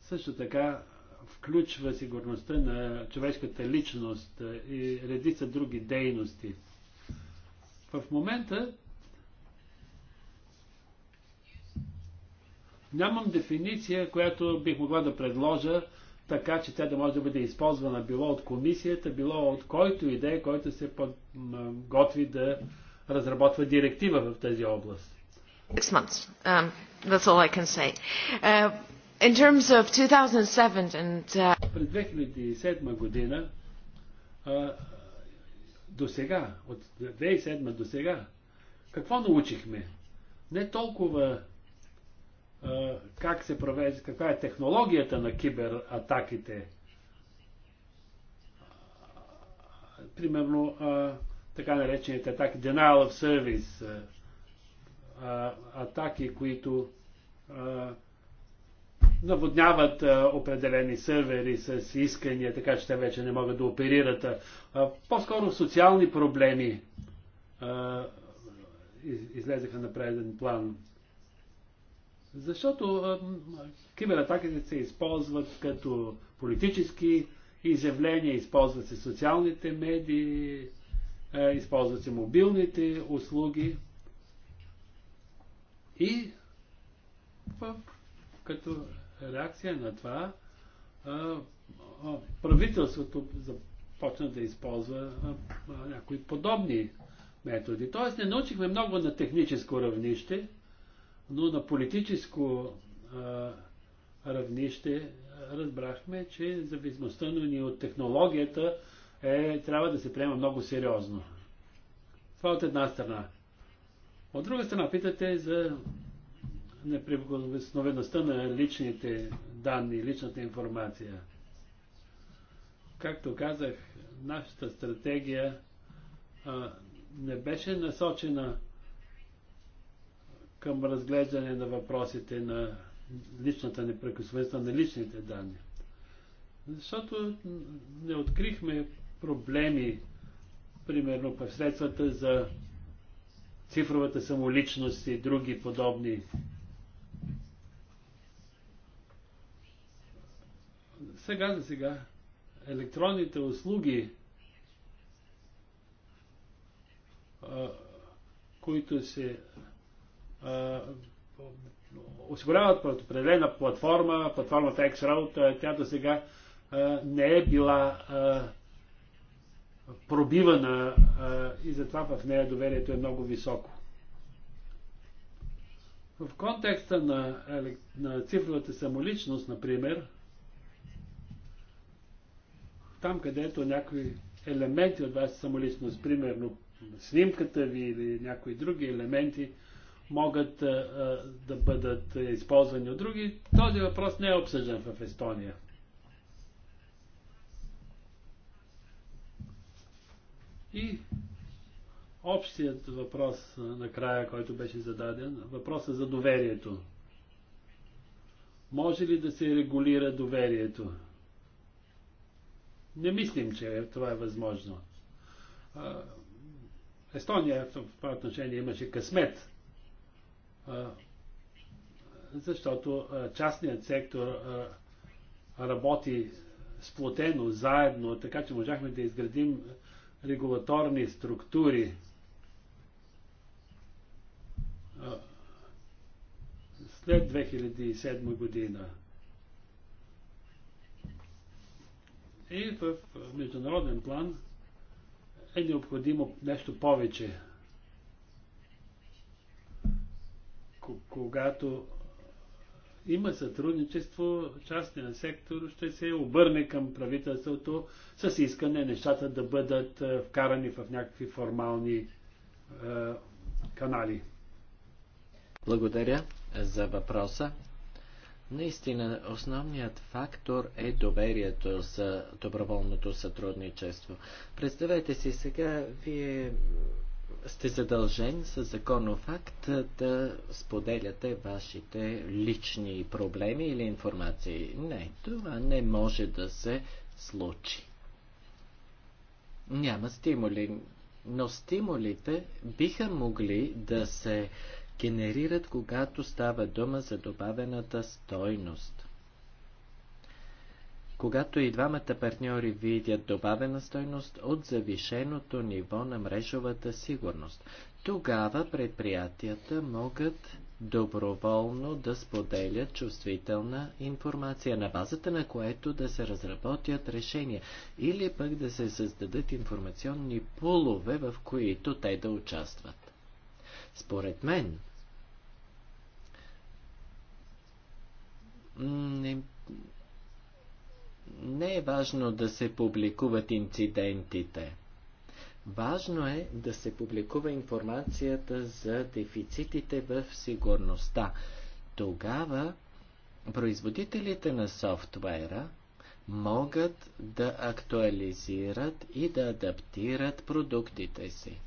Speaker 2: също така включва сигурността на човешката личност и редица други дейности. В момента Нямам дефиниция, която бих могла да предложа, така че тя да може да бъде използвана било от комисията, било от който идея, който се готви да разработва директива в тази област.
Speaker 3: Six months. Um, that's all I can say. Uh, in terms of 2007 and... Uh...
Speaker 2: През 2007 година uh, до сега, от 2007 до сега, какво научихме? Не толкова как се провежда, каква е технологията на кибератаките. Примерно, така наречените атаки, denial of service, атаки, които наводняват определени сервери с искания, така че те вече не могат да оперират. по-скоро социални проблеми излезаха на преден план. Защото кибератаките се използват като политически изявления, използват се социалните медии, използват се мобилните услуги и като реакция на това правителството започна да използва някои подобни методи. Тоест не научихме много на техническо равнище, но на политическо а, равнище разбрахме, че зависимостта ни от технологията е, трябва да се приема много сериозно. Това от една страна. От друга страна питате за неприкосновеността на личните данни, личната информация. Както казах, нашата стратегия а, не беше насочена към разглеждане на въпросите на личната непрекъсваност на личните данни. Защото не открихме проблеми, примерно в средствата за цифровата самоличност и други подобни сега за сега електронните услуги, които се осигуряват под определена платформа, платформата X-Road, тя до сега не е била пробивана и затова в нея доверието е много високо. В контекста на, на цифровата самоличност, например, там където някои елементи от вашата самоличност, примерно снимката ви или някои други елементи, могат да бъдат използвани от други, този въпрос не е обсъждан в Естония. И общият въпрос накрая, който беше зададен, въпроса за доверието. Може ли да се регулира доверието? Не мислим, че това е възможно. Естония в това отношение имаше късмет защото частният сектор работи сплотено, заедно, така че можахме да изградим регулаторни структури, след 2007 година. И в международен план е необходимо нещо повече. когато има сътрудничество, частния сектор ще се обърне към правителството с искане нещата да бъдат е, вкарани в някакви формални е, канали. Благодаря за въпроса.
Speaker 3: Наистина, основният фактор е доверието за доброволното сътрудничество. Представете си сега, вие сте задължен с законов факт да споделяте вашите лични проблеми или информации. Не, това не може да се случи. Няма стимули, но стимулите биха могли да се генерират, когато става дума за добавената стойност когато и двамата партньори видят добавена стойност от завишеното ниво на мрежовата сигурност. Тогава предприятията могат доброволно да споделят чувствителна информация, на базата на което да се разработят решения или пък да се създадат информационни пулове, в които те да участват. Според мен, не е важно да се публикуват инцидентите. Важно е да се публикува информацията за дефицитите в сигурността. Тогава производителите на софтуера могат да актуализират и да адаптират продуктите си.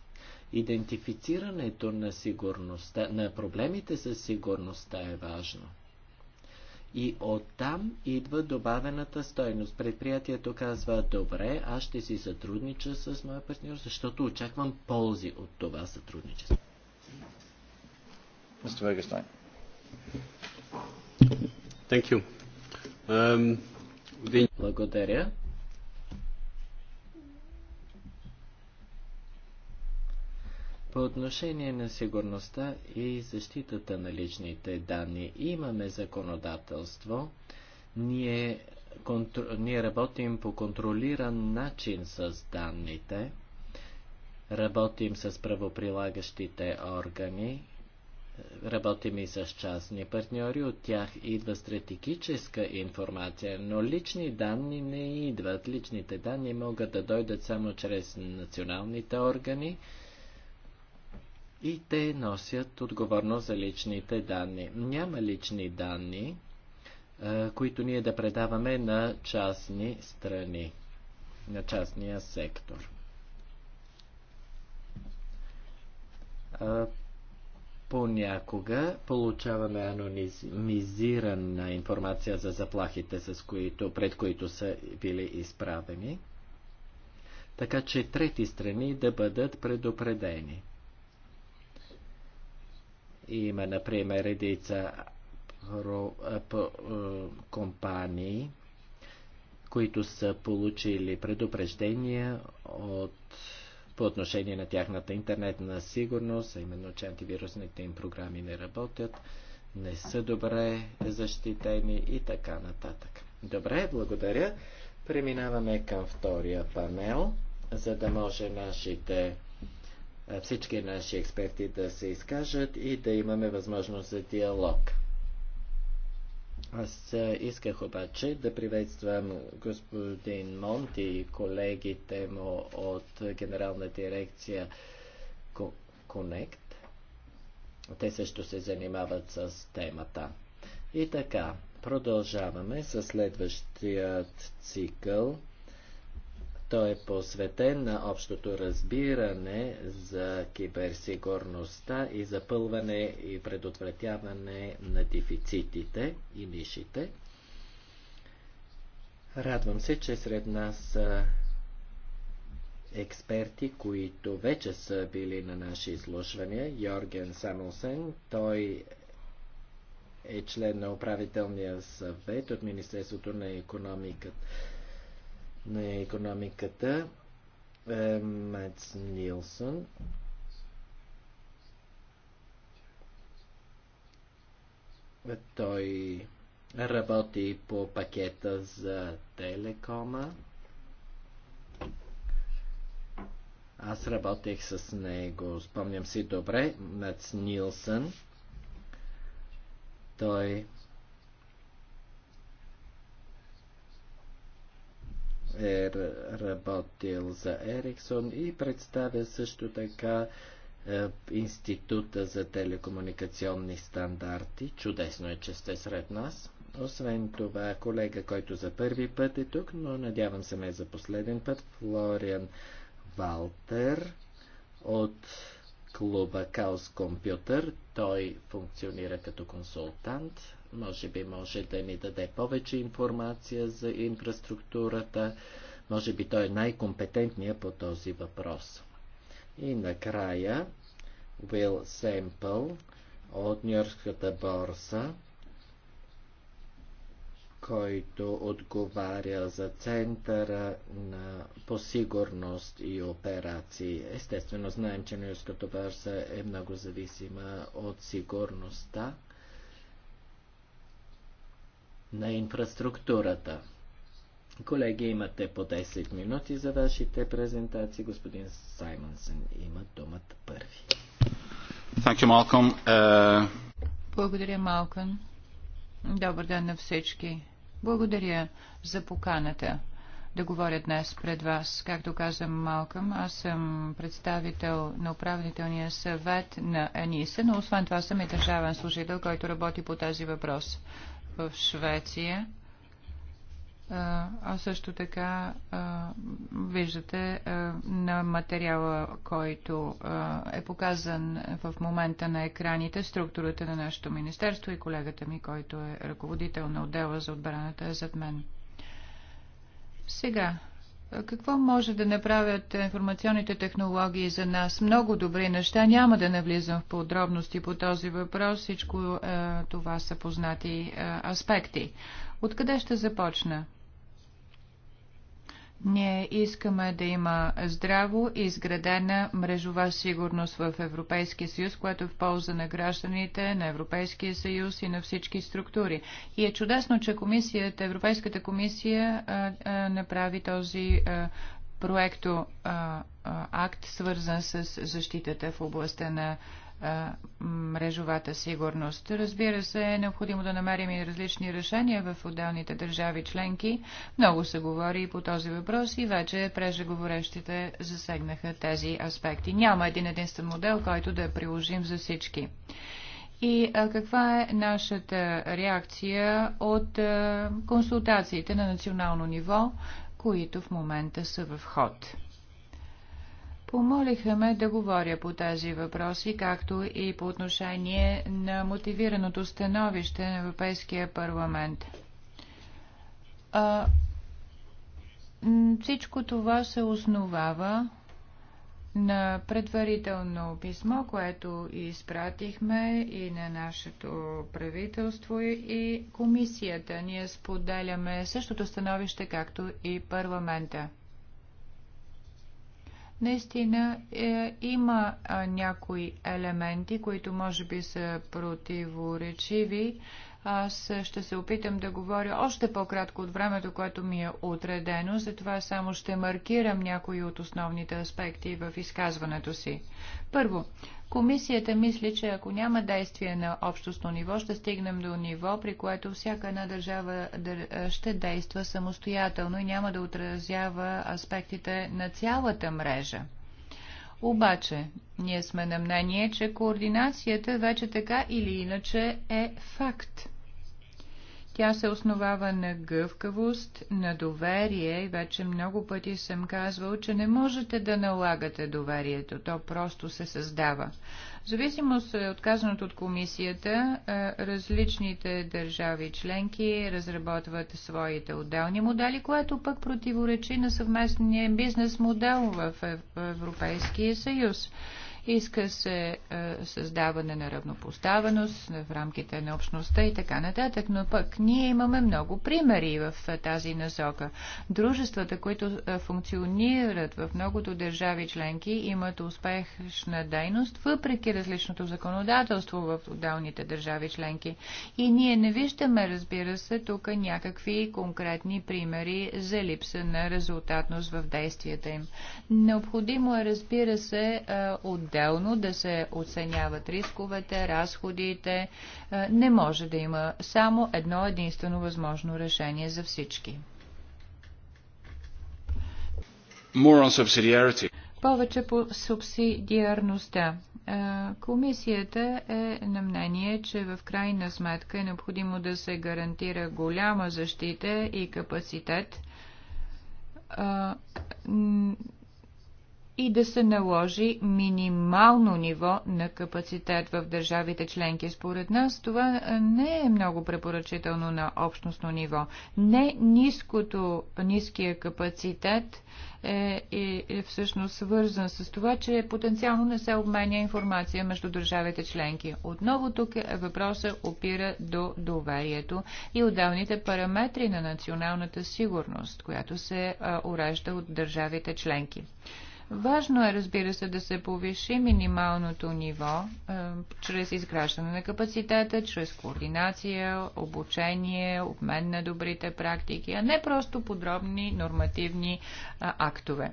Speaker 3: Идентифицирането на, сигурността, на проблемите със сигурността е важно и оттам идва добавената стойност. Предприятието казва, добре, аз ще си сътруднича с моя партньор, защото очаквам ползи от това сътрудничество.
Speaker 2: Thank you. Um, the... Благодаря.
Speaker 3: По отношение на сигурността и защитата на личните данни имаме законодателство. Ние, контр... Ние работим по контролиран начин с данните. Работим с правоприлагащите органи, Работим и с частни партньори, от тях идва стратегическа информация, но лични данни не идват. Личните данни могат да дойдат само чрез националните органи и те носят отговорност за личните данни. Няма лични данни, които ние да предаваме на частни страни, на частния сектор. Понякога получаваме анонимизирана информация за заплахите, с които, пред които са били изправени, така че трети страни да бъдат предупредени. Има, например, редица компании, които са получили предупреждения от, по отношение на тяхната интернетна сигурност, а именно, че антивирусните им програми не работят, не са добре защитени и така нататък. Добре, благодаря. Преминаваме към втория панел, за да може нашите е, всички наши експерти да се изкажат и да имаме възможност за диалог. Аз е, исках обаче да приветствам господин Монти и колегите му от Генерална дирекция Connect. Те също се занимават с темата. И така, продължаваме с следващият цикъл. Той е посветен на общото разбиране за киберсигурността и запълване и предотвратяване на дефицитите и нишите. Радвам се, че сред нас експерти, които вече са били на наши изслушвания. Йорген Самусен, той е член на управителния съвет от Министерството на економиката на економиката Мец Нилсън. Той работи по пакета за телекома. Аз работех с него, спомням си добре, Мец Нилсън. Той е работил за Ериксон и представя също така е, Института за телекомуникационни стандарти. Чудесно е, че сте сред нас. Освен това, колега, който за първи път е тук, но надявам се не за последен път, Флориан Валтер от клуба Каос Компютър. Той функционира като консултант може би може да ни даде повече информация за инфраструктурата. Може би той е най-компетентният по този въпрос. И накрая Уил Семпъл от Нью-Йоркската борса, който отговаря за центъра на, по сигурност и операции. Естествено, знаем, че Нью-Йоркската борса е много зависима от сигурността на инфраструктурата. Колеги, имате по 10 минути за вашите презентации. Господин Саймонсен има думата първи.
Speaker 2: Thank you, Malcolm. Uh...
Speaker 1: Благодаря, Малкън. Добър ден на всички. Благодаря за поканата да говоря днес пред вас. Както казвам Малкъм, аз съм представител на управителния съвет на ЕНИСА, но освен това съм и държавен служител, който работи по тази въпрос в Швеция. А също така виждате на материала, който е показан в момента на екраните, структурата на нашето министерство и колегата ми, който е ръководител на отдела за отбраната е зад мен. Сега какво може да направят информационните технологии за нас? Много добри неща. Няма да навлизам в подробности по този въпрос. Всичко е, това са познати е, аспекти. Откъде ще започна? Ние искаме да има здраво изградена мрежова сигурност в Европейския съюз, което е в полза на гражданите, на Европейския съюз и на всички структури. И е чудесно, че комисията, Европейската комисия а, а, направи този а, проекто а, а, акт, свързан с защитата в областта на мрежовата сигурност. Разбира се, е необходимо да намерим и различни решения в отделните държави членки. Много се говори и по този въпрос и вече прежеговорещите засегнаха тези аспекти. Няма един единствен модел, който да е приложим за всички. И каква е нашата реакция от консултациите на национално ниво, които в момента са в ход? Помолиха ме да говоря по тези въпроси, както и по отношение на мотивираното становище на Европейския парламент. А, всичко това се основава на предварително писмо, което изпратихме и на нашето правителство и комисията. Ние споделяме същото становище, както и парламента. Наистина е, има а, някои елементи, които може би са противоречиви аз ще се опитам да говоря още по-кратко от времето, което ми е отредено, затова само ще маркирам някои от основните аспекти в изказването си. Първо, комисията мисли, че ако няма действие на общностно ниво, ще стигнем до ниво, при което всяка една държава ще действа самостоятелно и няма да отразява аспектите на цялата мрежа. Обаче, ние сме на мнение, че координацията вече така или иначе е факт. Тя се основава на гъвкавост, на доверие и вече много пъти съм казвал, че не можете да налагате доверието, то просто се създава. В зависимост от казаното от комисията, различните държави членки разработват своите отделни модели, което пък противоречи на съвместния бизнес модел в Европейския съюз. Иска се е, създаване на равнопоставеност в рамките на общността и така нататък, но пък ние имаме много примери в е, тази насока. Дружествата, които е, функционират в многото държави членки, имат успешна дейност, въпреки различното законодателство в отдалните държави членки. И ние не виждаме, разбира се, тук някакви конкретни примери за липса на резултатност в действията им. Необходимо е, разбира се, е, от отделно да се оценяват рисковете, разходите. Е, не може да има само едно единствено възможно решение за всички. Повече по субсидиарността. Е, комисията е на мнение, че в крайна сметка е необходимо да се гарантира голяма защита и капацитет е, и да се наложи минимално ниво на капацитет в държавите членки. Според нас това не е много препоръчително на общностно ниво. Не ниското, ниския капацитет е, е, е всъщност свързан с това, че потенциално не се обменя информация между държавите членки. Отново тук е въпросът опира до доверието и отделните параметри на националната сигурност, която се е, урежда от държавите членки. Важно е, разбира се, да се повиши минималното ниво е, чрез изграждане на капацитета, чрез координация, обучение, обмен на добрите практики, а не просто подробни нормативни е, актове.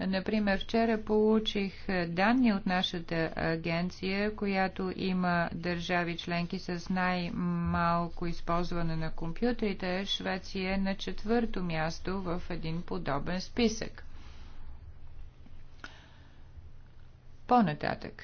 Speaker 1: Например, вчера получих е, данни от нашата агенция, която има държави членки с най-малко използване на компютрите. Швеция е на четвърто място в един подобен списък. По-нататък.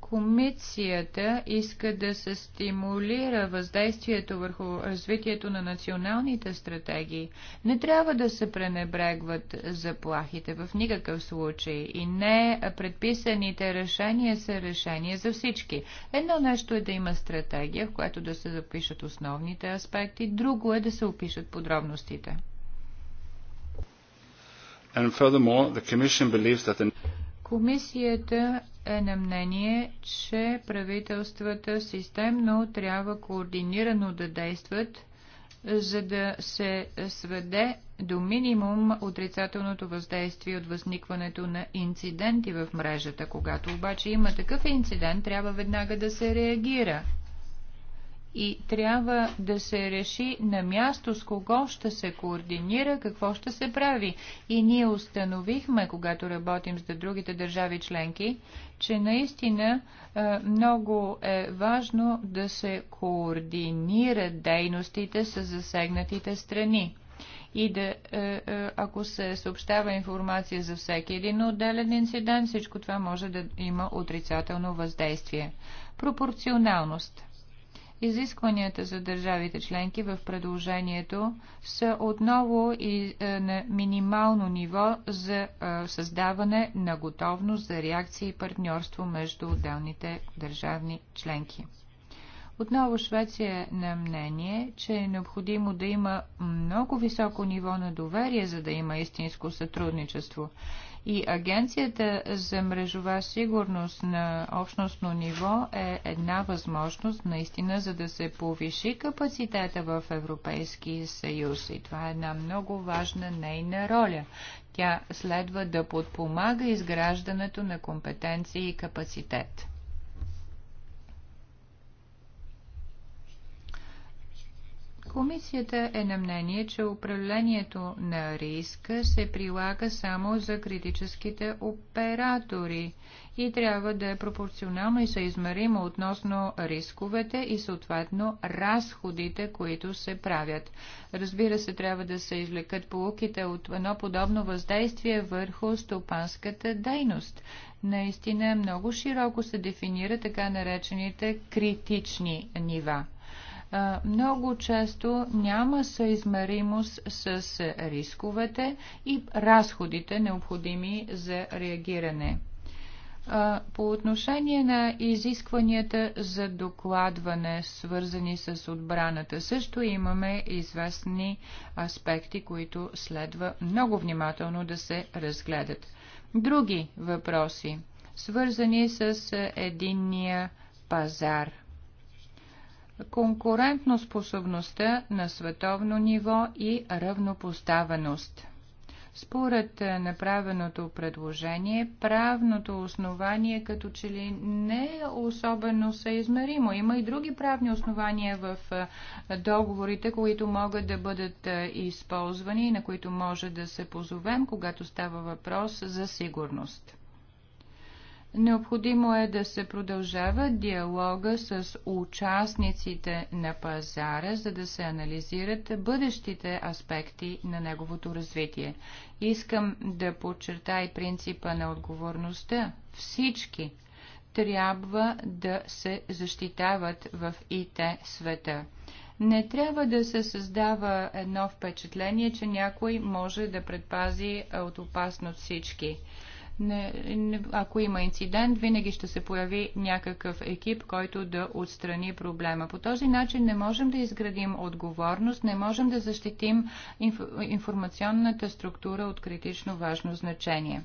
Speaker 1: Комисията иска да се стимулира въздействието върху развитието на националните стратегии. Не трябва да се пренебрегват заплахите в никакъв случай и не предписаните решения са решения за всички. Едно нещо е да има стратегия, в която да се запишат основните аспекти, друго е да се опишат подробностите.
Speaker 2: The...
Speaker 1: Комисията е на мнение, че правителствата системно трябва координирано да действат, за да се сведе до минимум отрицателното въздействие от възникването на инциденти в мрежата. Когато обаче има такъв инцидент, трябва веднага да се реагира и трябва да се реши на място с кого ще се координира, какво ще се прави. И ние установихме, когато работим с другите държави членки, че наистина много е важно да се координират дейностите с засегнатите страни и да, е, е, ако се съобщава информация за всеки един отделен инцидент, всичко това може да има отрицателно въздействие. Пропорционалност – Изискванията за държавите членки в предложението са отново и е, на минимално ниво за е, създаване на готовност за реакция и партньорство между отделните държавни членки. Отново Швеция е на мнение, че е необходимо да има много високо ниво на доверие, за да има истинско сътрудничество. И Агенцията за мрежова сигурност на общностно ниво е една възможност наистина за да се повиши капацитета в Европейския съюз. И това е една много важна нейна роля. Тя следва да подпомага изграждането на компетенции и капацитет. Комисията е на мнение, че управлението на риска се прилага само за критическите оператори и трябва да е пропорционално и съизмеримо относно рисковете и съответно разходите, които се правят. Разбира се, трябва да се извлекат полуките от едно подобно въздействие върху стопанската дейност. Наистина много широко се дефинира така наречените критични нива много често няма съизмеримост с рисковете и разходите необходими за реагиране. По отношение на изискванията за докладване, свързани с отбраната, също имаме известни аспекти, които следва много внимателно да се разгледат. Други въпроси, свързани с единния пазар – конкурентноспособността на световно ниво и равнопоставеност. Според е, направеното предложение, правното основание като че ли не е особено съизмеримо. Има и други правни основания в е, договорите, които могат да бъдат е, използвани и на които може да се позовем, когато става въпрос за сигурност. Необходимо е да се продължава диалога с участниците на пазара, за да се анализират бъдещите аспекти на неговото развитие. Искам да подчертай принципа на отговорността. Всички трябва да се защитават в ИТ света. Не трябва да се създава едно впечатление, че някой може да предпази от опасност всички не, не, ако има инцидент, винаги ще се появи някакъв екип, който да отстрани проблема. По този начин не можем да изградим отговорност, не можем да защитим инф, информационната структура от критично важно значение.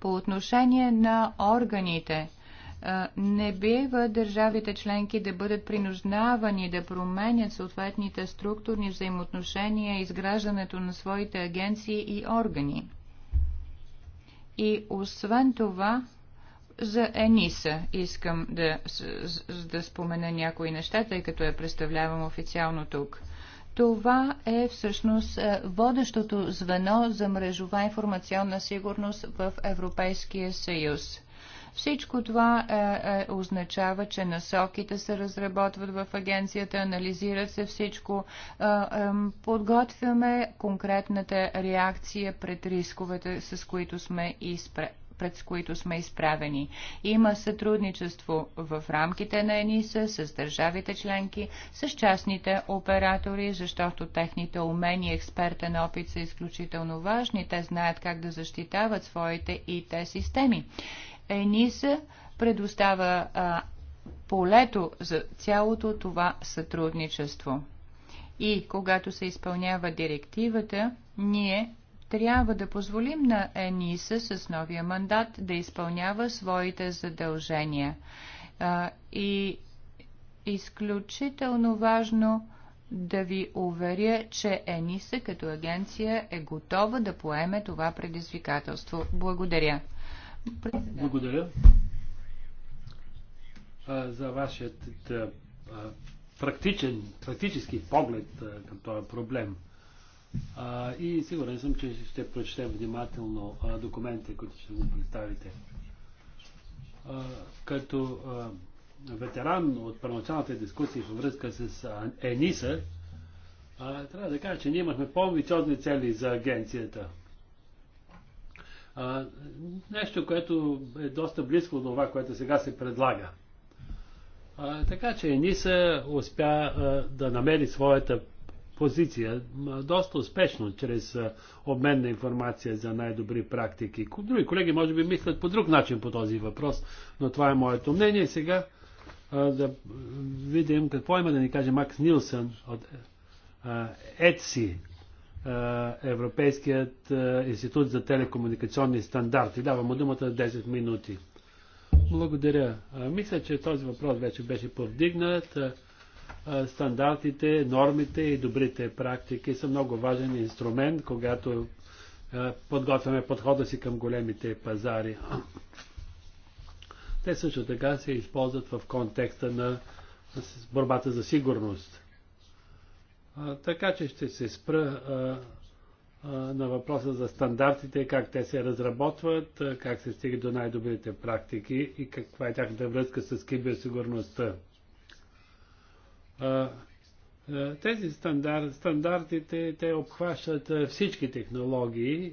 Speaker 1: По отношение на органите, не бива държавите членки да бъдат принуждавани да променят съответните структурни взаимоотношения и изграждането на своите агенции и органи. И освен това, за Ениса искам да, да спомена някои неща, тъй като я представлявам официално тук. Това е всъщност е, водещото звено за мрежова информационна сигурност в Европейския съюз. Всичко това е, е, означава, че насоките се разработват в агенцията, анализират се всичко, е, е, подготвяме конкретната реакция пред рисковете, с които сме изпред пред които сме изправени. Има сътрудничество в рамките на ЕНИСА с държавите членки, с частните оператори, защото техните умения и експертен опит са изключително важни. Те знаят как да защитават своите ИТ системи. ЕНИСА предостава а, полето за цялото това сътрудничество. И когато се изпълнява директивата, ние трябва да позволим на ЕНИСА с новия мандат да изпълнява своите задължения. А, и изключително важно да ви уверя, че ЕНИСА като агенция е готова да поеме това предизвикателство. Благодаря.
Speaker 2: Благодаря за вашият практичен, практически поглед към този проблем. И сигурен съм, че ще прочетем внимателно документите, които ще му представите. Като ветеран от първоначалните дискусии във връзка с ЕНИСА, трябва да кажа, че ние имахме по-амбициозни цели за агенцията – а, нещо, което е доста близко до това, което сега се предлага. А, така че Ениса успя а, да намери своята позиция а, доста успешно чрез а, обмен на информация за най-добри практики. Други колеги може би мислят по друг начин по този въпрос, но това е моето мнение. Сега а, да видим какво има да ни каже Макс Нилсън от а, ЕЦИ. Е, Европейският е, институт за телекомуникационни стандарти. Давам му думата 10 минути. Благодаря. Е, мисля, че този въпрос вече беше повдигнат. Стандартите, нормите и добрите практики са много важен инструмент, когато подготвяме подхода си към големите пазари. Те също така се използват в контекста на борбата за сигурност така че ще се спра а, а, на въпроса за стандартите, как те се разработват, как се стига до най-добрите практики и каква е тяхната връзка с киберсигурността. Тези стандар, стандартите, те обхващат всички технологии,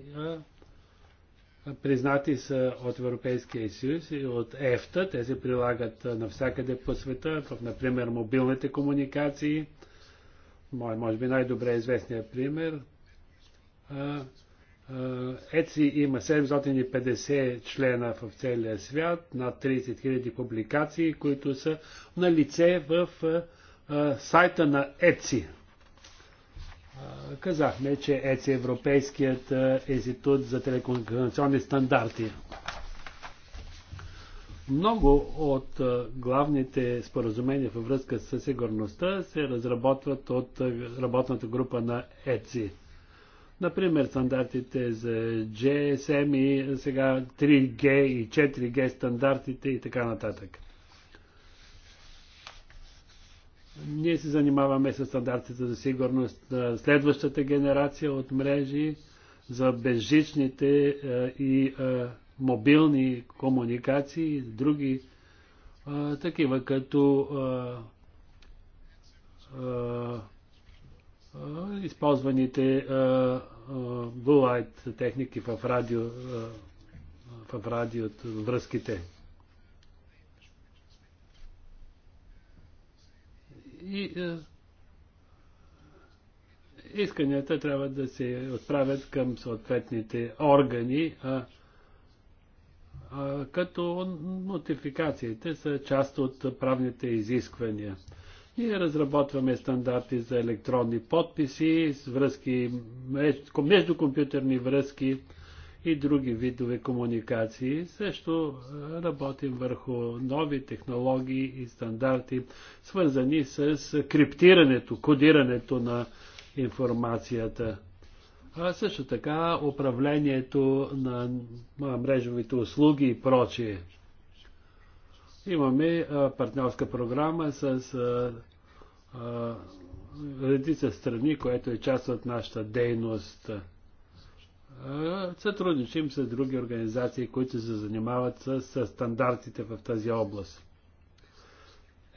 Speaker 2: признати са от Европейския съюз и от ЕФТА. Те се прилагат навсякъде по света, в, например, мобилните комуникации – Мой може би най-добре известният пример. ЕЦИ има 750 члена в целия свят, над 30 000 публикации, които са на лице в сайта на ЕЦИ. Казахме, че ЕЦИ е Европейският институт за телекомуникационни стандарти. Много от главните споразумения във връзка с сигурността се разработват от работната група на ЕЦИ. Например, стандартите за GSM и сега 3G и 4G стандартите и така нататък. Ние се занимаваме с стандартите за сигурност на следващата генерация от мрежи за безжичните и мобилни комуникации и други а, такива като а, а, а, използваните а, а, Blue Light техники в радио, а, в радиото, връзките. И а, исканията трябва да се отправят към съответните органи, а, като нотификациите са част от правните изисквания. Ние разработваме стандарти за електронни подписи, връзки, между компютърни връзки и други видове комуникации. Също работим върху нови технологии и стандарти, свързани с криптирането, кодирането на информацията. А също така управлението на мрежовите услуги и прочие. Имаме партньорска програма с редица страни, което е част от нашата дейност. Сътрудничим с други организации, които се занимават с стандартите в тази област.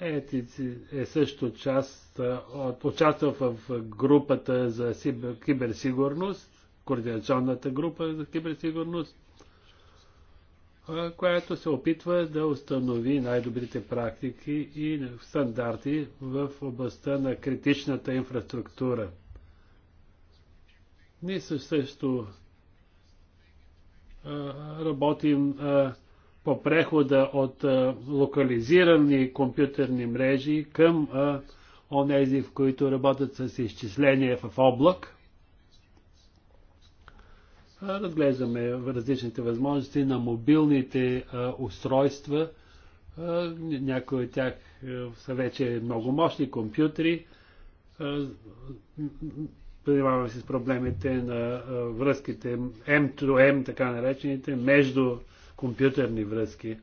Speaker 2: Етици е също част от, участва в групата за киберсигурност, координационната група за киберсигурност, която се опитва да установи най-добрите практики и стандарти в областта на критичната инфраструктура. Ние също работим а, по прехода от локализирани компютърни мрежи към онези, в които работят с изчисление в облак. Разглеждаме различните възможности на мобилните устройства. Някои от тях са вече много мощни компютри. Занимаваме се с проблемите на връзките M2M, така наречените, между компютърни връзки,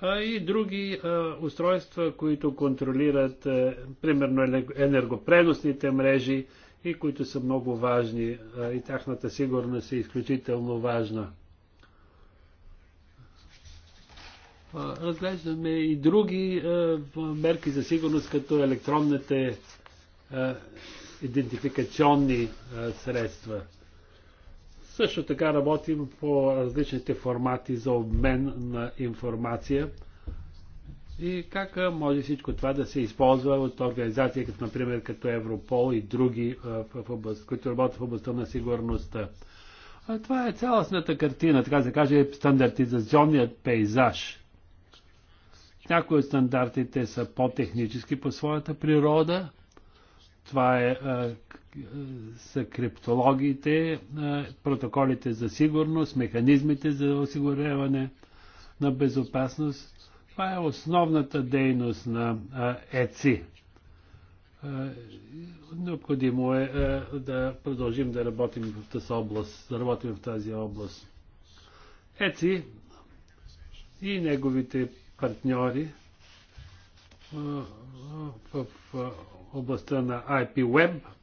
Speaker 2: а и други а, устройства, които контролират а, примерно енергопреносните мрежи и които са много важни а, и тяхната сигурност е изключително важна. разглеждаме и други а, мерки за сигурност, като електронните а, идентификационни а, средства. Също така работим по различните формати за обмен на информация и как може всичко това да се използва от организации, като например като Европол и други, в област, които работят в областта на сигурността. А това е цялостната картина, така да каже, стандартизационният пейзаж. Някои от стандартите са по-технически по своята природа. Това е са криптологите, е, протоколите за сигурност, механизмите за осигуряване на безопасност. Това е основната дейност на е, ЕЦИ. Е, необходимо е да продължим да работим в тази област, да работим в тази област. ЕЦИ и неговите партньори в областта на IP Web –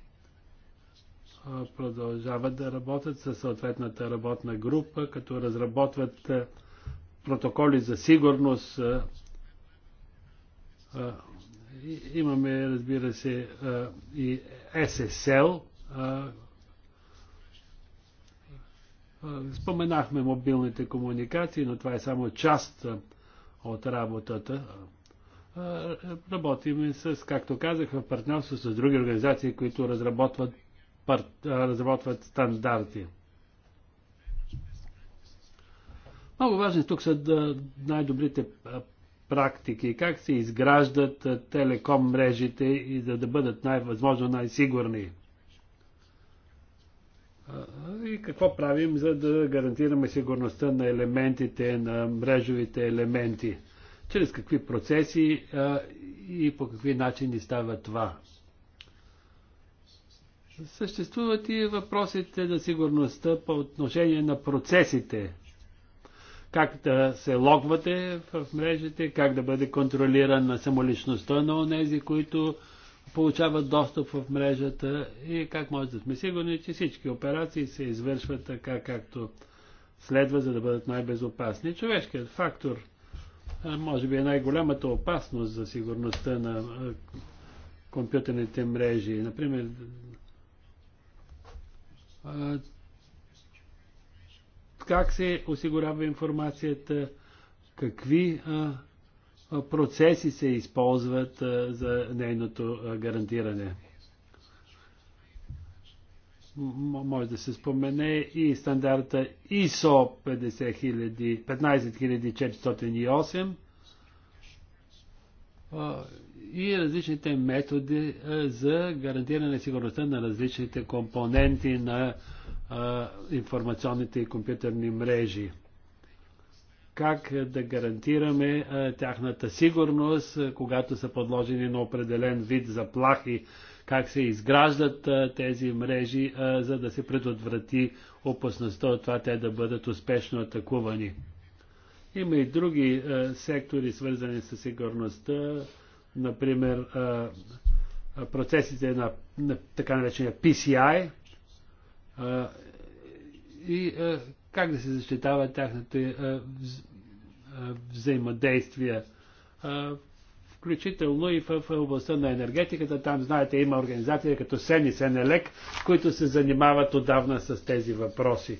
Speaker 2: продължават да работят със съответната работна група, като разработват протоколи за сигурност. Имаме, разбира се, и SSL. Споменахме мобилните комуникации, но това е само част от работата. Работиме с, както казах, в партньорство с други организации, които разработват разработват стандарти. Много важни тук са най-добрите практики, как се изграждат телеком мрежите и за да, да бъдат най-възможно най-сигурни. И какво правим, за да гарантираме сигурността на елементите, на мрежовите елементи? Чрез какви процеси и по какви начини става това? Съществуват и въпросите на сигурността по отношение на процесите. Как да се логвате в мрежите, как да бъде контролирана самоличността на онези, които получават достъп в мрежата и как може да сме сигурни, че всички операции се извършват така, както следва, за да бъдат най-безопасни. Човешкият фактор може би е най-голямата опасност за сигурността на компютърните мрежи. Например, как се осигурява информацията, какви процеси се използват за нейното гарантиране. може да се спомене и стандарта ISO 50408 и различните методи за гарантиране на сигурността на различните компоненти на информационните и компютърни мрежи. Как да гарантираме тяхната сигурност, когато са подложени на определен вид заплахи, как се изграждат тези мрежи, за да се предотврати опасността от това те да бъдат успешно атакувани. Има и други сектори, свързани с сигурността, например, процесите на, на така наречения PCI и как да се защитава тяхните взаимодействия, включително и в областта на енергетиката. Там, знаете, има организации като СЕН и СЕНЕЛЕК, които се занимават отдавна с тези въпроси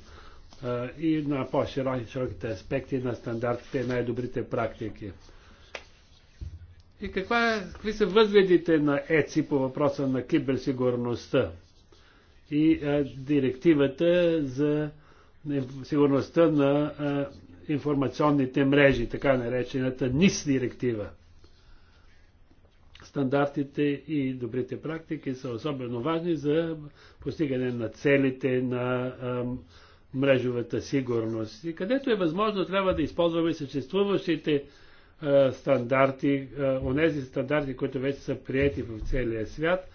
Speaker 2: и на по-широките аспекти на стандартите и най-добрите практики. И каква, какви са възгледите на ЕЦИ по въпроса на киберсигурността и а, директивата за сигурността на а, информационните мрежи, така наречената НИС директива? Стандартите и добрите практики са особено важни за постигане на целите на а, мрежовата сигурност. И където е възможно, трябва да използваме съществуващите е, стандарти, е, онези стандарти, които вече са приети в целия свят.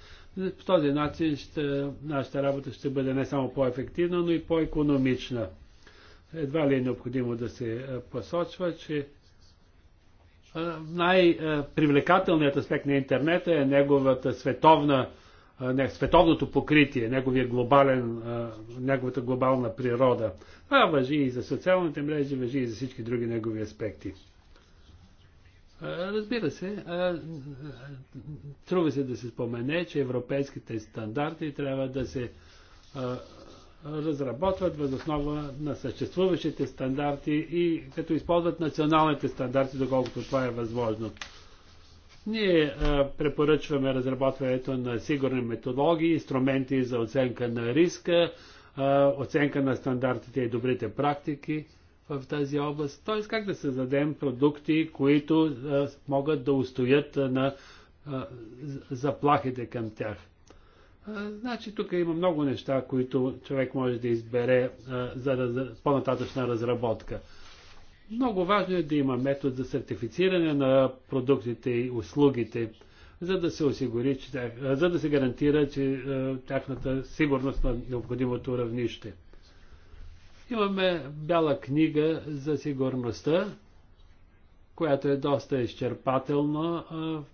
Speaker 2: По този начин ще, нашата работа ще бъде не само по-ефективна, но и по-економична. Едва ли е необходимо да се е, посочва, че най-привлекателният аспект на интернета е неговата световна, не, световното покритие, неговия глобален, неговата глобална природа. Това въжи и за социалните мрежи, въжи и за всички други негови аспекти. Разбира се, трува се да се спомене, че европейските стандарти трябва да се разработват въз основа на съществуващите стандарти и като използват националните стандарти, доколкото това е възможно. Ние препоръчваме разработването на сигурни методологии, инструменти за оценка на риска, оценка на стандартите и добрите практики – в тази област. Т.е. как да създадем продукти, които а, могат да устоят а, на а, заплахите към тях. А, значи тук има много неща, които човек може да избере а, за раз... по-нататъчна разработка. Много важно е да има метод за сертифициране на продуктите и услугите, за да се осигури, че, за да се гарантира, че а, тяхната сигурност на необходимото равнище. Имаме бяла книга за сигурността, която е доста изчерпателна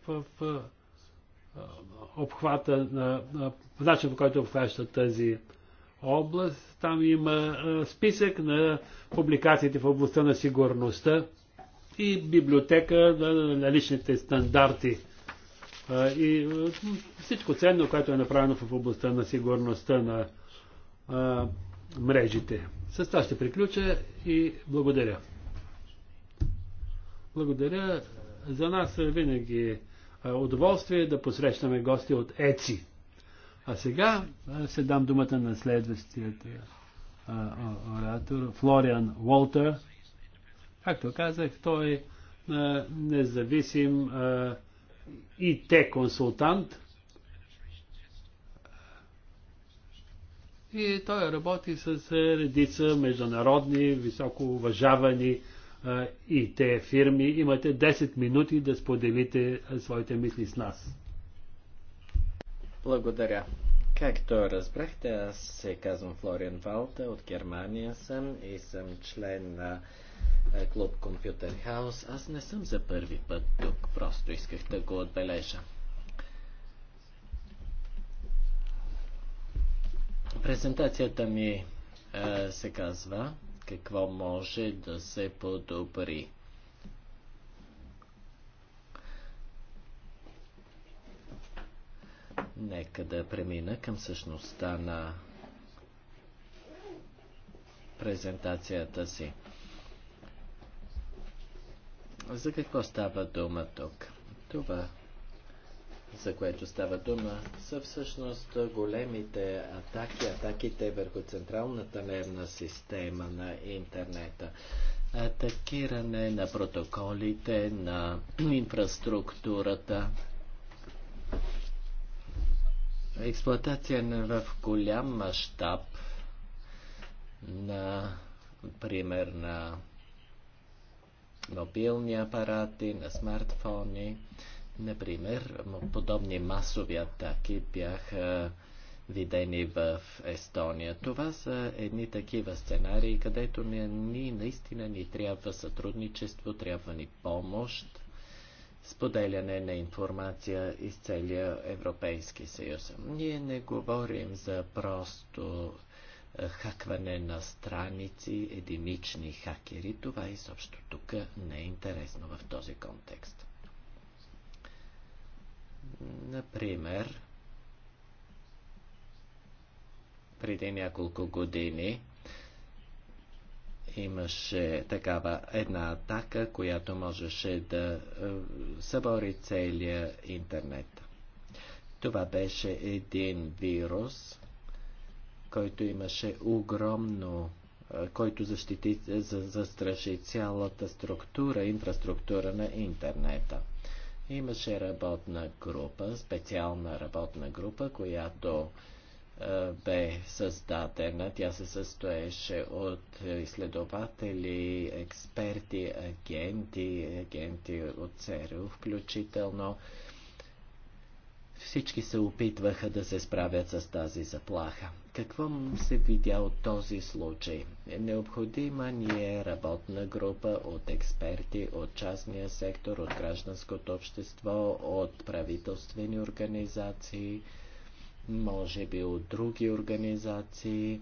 Speaker 2: в обхвата на, начин по който обхваща тази област. Там има списък на публикациите в областта на сигурността и библиотека на личните стандарти и всичко ценно, което е направено в областта на сигурността на мрежите. С това ще приключа и благодаря. Благодаря. За нас винаги е, удоволствие да посрещаме гости от ЕЦИ. А сега е, ще дам думата на следващият е, оратор, Флориан Уолтер. Както казах, той е независим ИТ консултант И той работи с редица международни, високо уважавани и те фирми. Имате 10 минути да споделите своите мисли с нас.
Speaker 3: Благодаря. Както разбрахте, аз се казвам Флориан Валта, от Германия съм и съм член на клуб Computer House. Аз не съм за първи път тук, просто исках да го отбележа. презентацията ми а, е, се казва какво може да се подобри. Нека да премина към същността на презентацията си. За какво става дума тук? Това за което става дума, са всъщност големите атаки, атаките върху централната нервна система на интернета. Атакиране на протоколите, на инфраструктурата, експлоатация в голям мащаб на, пример, на мобилни апарати, на смартфони, Например, подобни масови атаки бяха видени в Естония. Това са едни такива сценарии, където ни наистина ни трябва сътрудничество, трябва ни помощ, споделяне на информация из целия Европейски съюз. Ние не говорим за просто хакване на страници, единични хакери. Това изобщо тук не е интересно в този контекст. Например, преди няколко години имаше такава една атака, която можеше да е, събори целия интернет. Това беше един вирус, който имаше огромно, е, който защити, застраши цялата структура, инфраструктура на интернета. Имаше работна група, специална работна група, която е, бе създадена. Тя се състоеше от изследователи, експерти, агенти, агенти от ЦРУ включително. Всички се опитваха да се справят с тази заплаха. Какво се видя от този случай? Е, необходима ни е работна група от експерти, от частния сектор, от гражданското общество, от правителствени организации, може би от други организации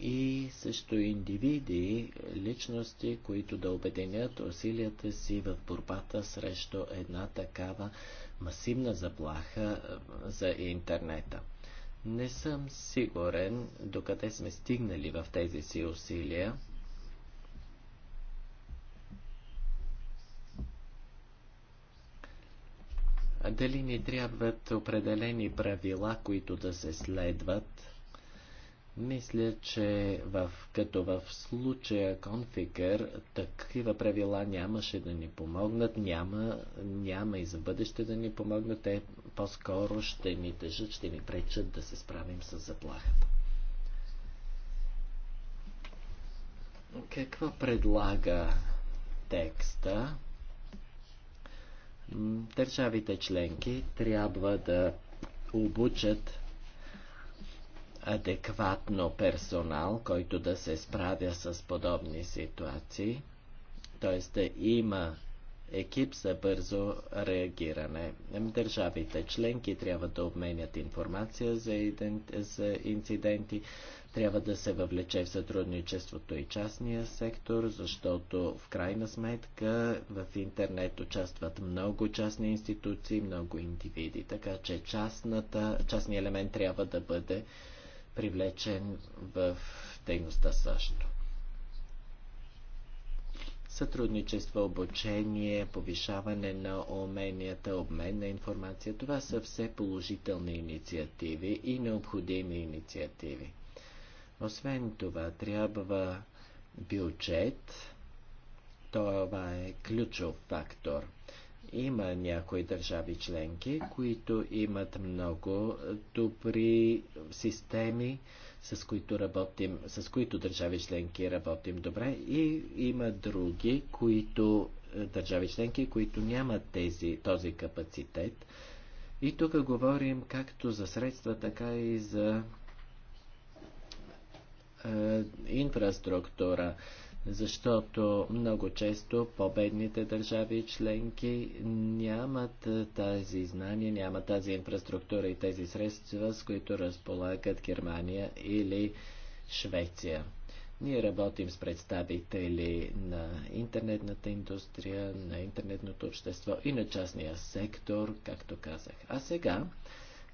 Speaker 3: и също индивиди, личности, които да обединят усилията си в борбата срещу една такава масивна заплаха за интернета. Не съм сигурен докъде сме стигнали в тези си усилия. Дали ни трябват определени правила, които да се следват? Мисля, че в, като в случая Конфигър такива правила нямаше да ни помогнат, няма, няма и за бъдеще да ни помогнат. Те по-скоро ще ни тежат, ще ни пречат да се справим с заплахата. Какво предлага текста? Държавите членки трябва да обучат адекватно персонал, който да се справя с подобни ситуации, т.е. да има екип за бързо реагиране. Държавите членки трябва да обменят информация за, иден... за инциденти, трябва да се въвлече в сътрудничеството и частния сектор, защото в крайна сметка в интернет участват много частни институции, много индивиди, така че частната, частния елемент трябва да бъде привлечен в дейността също. Сътрудничество, обучение, повишаване на уменията, обмен на информация, това са все положителни инициативи и необходими инициативи. Освен това, трябва бюджет. Това е ключов фактор. Има някои държави членки, които имат много добри системи, с които, работим, с които държави членки работим добре и има други, които е, държави членки, които нямат тези, този капацитет. И тук говорим както за средства, така и за е, инфраструктура. Е, защото много често победните държави и членки нямат тази знания, нямат тази инфраструктура и тези средства, с които разполагат Германия или Швеция. Ние работим с представители на интернетната индустрия, на интернетното общество и на частния сектор, както казах. А сега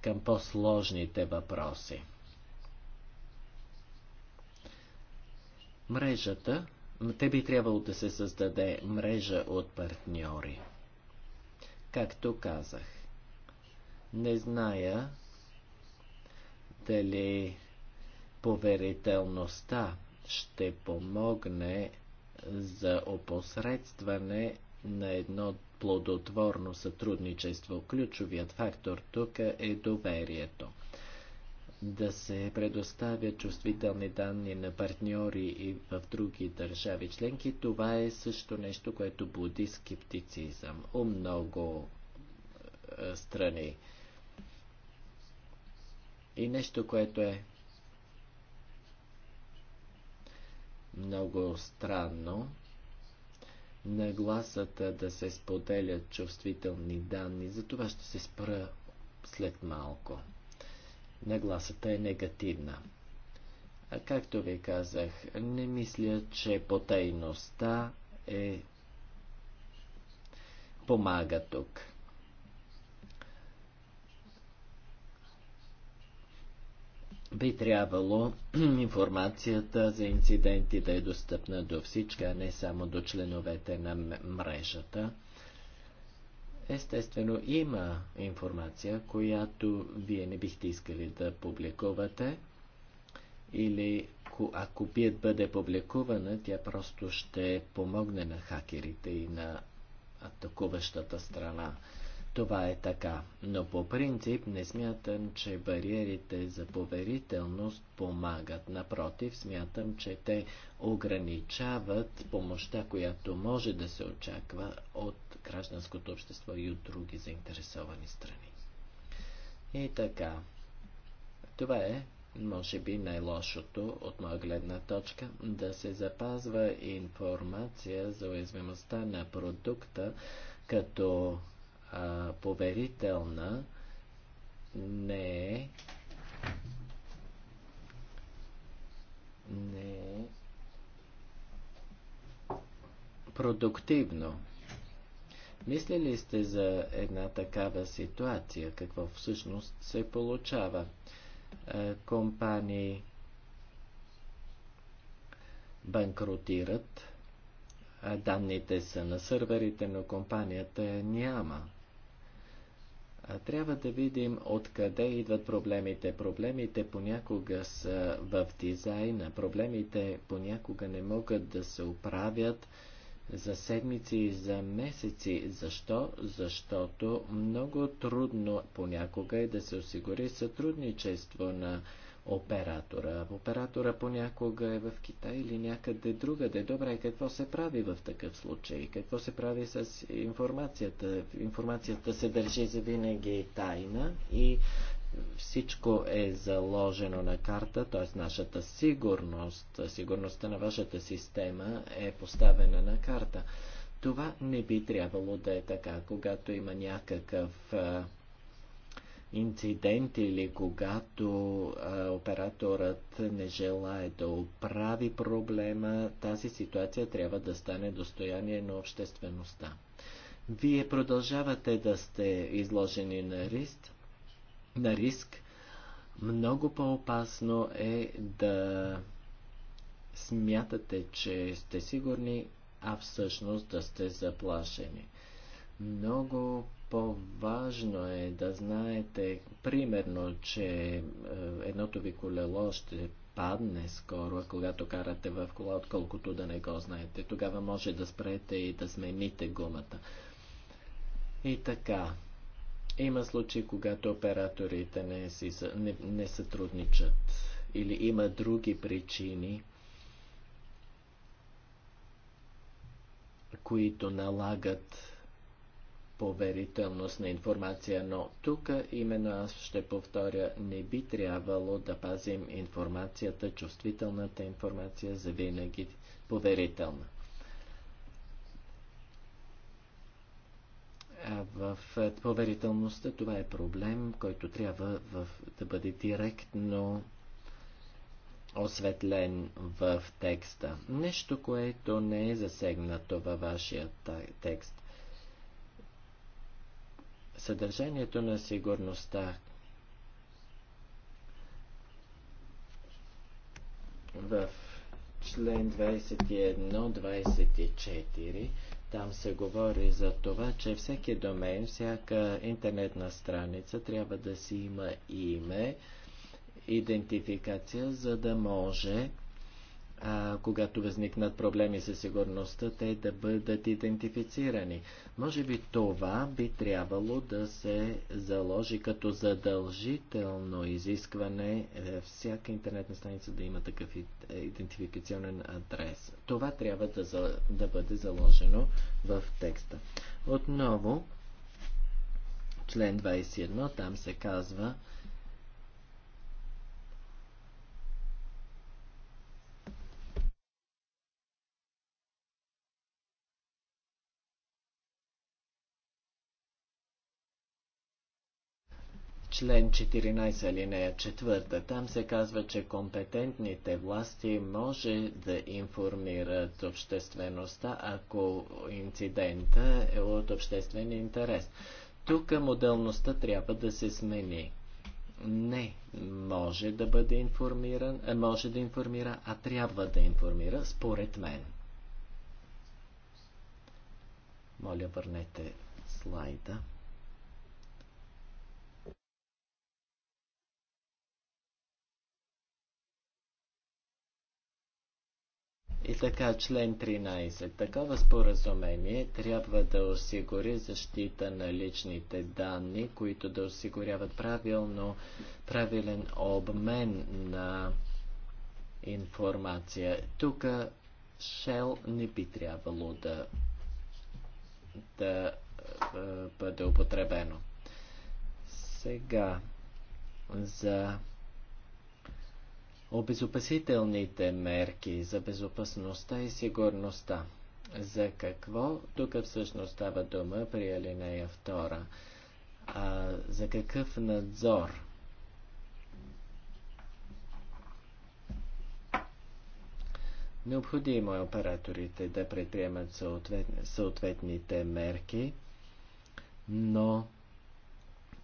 Speaker 3: към по-сложните въпроси. Мрежата те би трябвало да се създаде мрежа от партньори. Както казах, не зная дали поверителността ще помогне за опосредстване на едно плодотворно сътрудничество. Ключовият фактор тук е доверието да се предоставят чувствителни данни на партньори и в други държави членки, това е също нещо, което буди скептицизъм у много е, страни. И нещо, което е много странно, нагласата да се споделят чувствителни данни, за това ще се спра след малко нагласата е негативна. А както ви казах, не мисля, че потайността е помага тук. би трябвало [CLEARS THROAT] информацията за инциденти да е достъпна до всички, а не само до членовете на мрежата. Естествено, има информация, която вие не бихте искали да публикувате или ако бият бъде публикувана, тя просто ще помогне на хакерите и на атакуващата страна. Това е така, но по принцип не смятам, че бариерите за поверителност помагат. Напротив, смятам, че те ограничават помощта, която може да се очаква от гражданското общество и от други заинтересовани страни. И така, това е, може би, най-лошото от моя гледна точка, да се запазва информация за уязвимостта на продукта като а, поверителна не е не е продуктивно. Мислили сте за една такава ситуация, какво всъщност се получава? Е, компании банкротират, данните са на сървърите, но компанията няма. Трябва да видим откъде идват проблемите. Проблемите понякога са в дизайна, проблемите понякога не могат да се оправят за седмици и за месеци. Защо? Защото много трудно понякога е да се осигури сътрудничество на оператора. Оператора понякога е в Китай или някъде другаде. Добре, какво се прави в такъв случай? Какво се прави с информацията? Информацията се държи за винаги тайна и всичко е заложено на карта, т.е. нашата сигурност, сигурността на вашата система е поставена на карта. Това не би трябвало да е така, когато има някакъв а, инцидент или когато а, операторът не желае да оправи проблема, тази ситуация трябва да стане достояние на обществеността. Вие продължавате да сте изложени на риск, на риск, много по-опасно е да смятате, че сте сигурни, а всъщност да сте заплашени. Много по-важно е да знаете, примерно, че е, едното ви колело ще падне скоро, когато карате в кола, отколкото да не го знаете. Тогава може да спрете и да смените гумата. И така, има случаи, когато операторите не, си, не, не сътрудничат или има други причини, които налагат поверителност на информация, но тук именно аз ще повторя, не би трябвало да пазим информацията, чувствителната информация за винаги поверителна. в е, поверителността това е проблем, който трябва в, да бъде директно осветлен в текста. Нещо, което не е засегнато във вашия текст. Съдържанието на сигурността в член 21-24 там се говори за това, че всеки домен, всяка интернетна страница трябва да си има име, идентификация, за да може а, когато възникнат проблеми със сигурността, те да бъдат идентифицирани. Може би това би трябвало да се заложи като задължително изискване е, всяка интернетна страница да има такъв е, идентификационен адрес. Това трябва да, за, да бъде заложено в текста. Отново, член 21, там се казва, член 14 алинея 4. Там се казва, че компетентните власти може да информират обществеността, ако инцидента е от обществен интерес. Тук моделността трябва да се смени. Не може да бъде информиран, е, може да информира, а трябва да информира, според мен. Моля, върнете слайда. И така, член 13. Такова споразумение трябва да осигури защита на личните данни, които да осигуряват правилно, правилен обмен на информация. Тук Shell не би трябвало да, да бъде употребено. Сега за обезопасителните мерки за безопасността и сигурността. За какво тук всъщност става дума при алинея 2? А, за какъв надзор? Необходимо е операторите да предприемат съответ, съответните мерки, но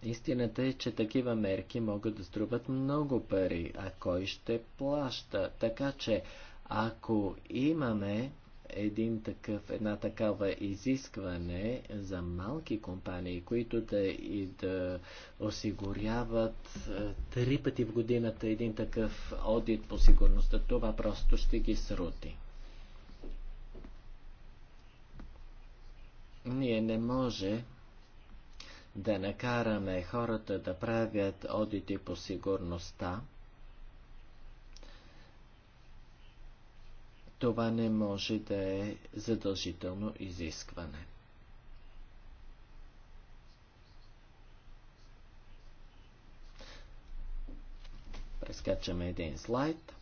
Speaker 3: Истината е, че такива мерки могат да струват много пари, а кой ще плаща? Така че, ако имаме един такъв, една такава изискване за малки компании, които да и да осигуряват е, три пъти в годината един такъв одит по сигурността, това просто ще ги срути. Ние не може да накараме хората да правят одити по сигурността, това не може да е задължително изискване. Прескачаме един слайд.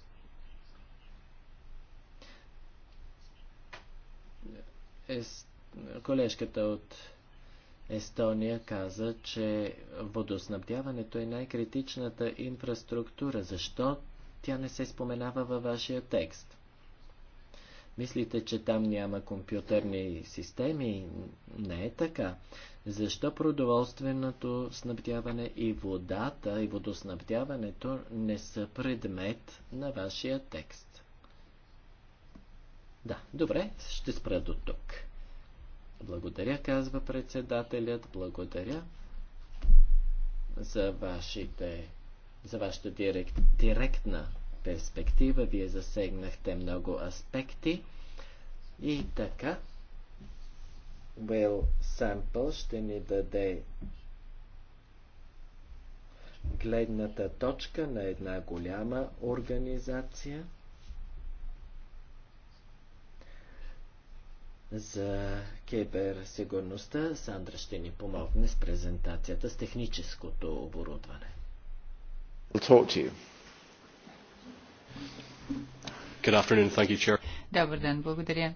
Speaker 3: Е, колежката от Естония каза, че водоснабдяването е най-критичната инфраструктура. Защо тя не се споменава във вашия текст? Мислите, че там няма компютърни системи? Не е така. Защо продоволственото снабдяване и водата и водоснабдяването не са предмет на вашия текст? Да, добре, ще спра до тук. Благодаря, казва председателят. Благодаря за, вашите, за вашата директ, директна перспектива. Вие засегнахте много аспекти. И така, Will Sample ще ни даде гледната точка на една голяма организация – за киберсигурността. Сандра ще ни помогне с презентацията с техническото оборудване.
Speaker 1: You, Добър ден, благодаря.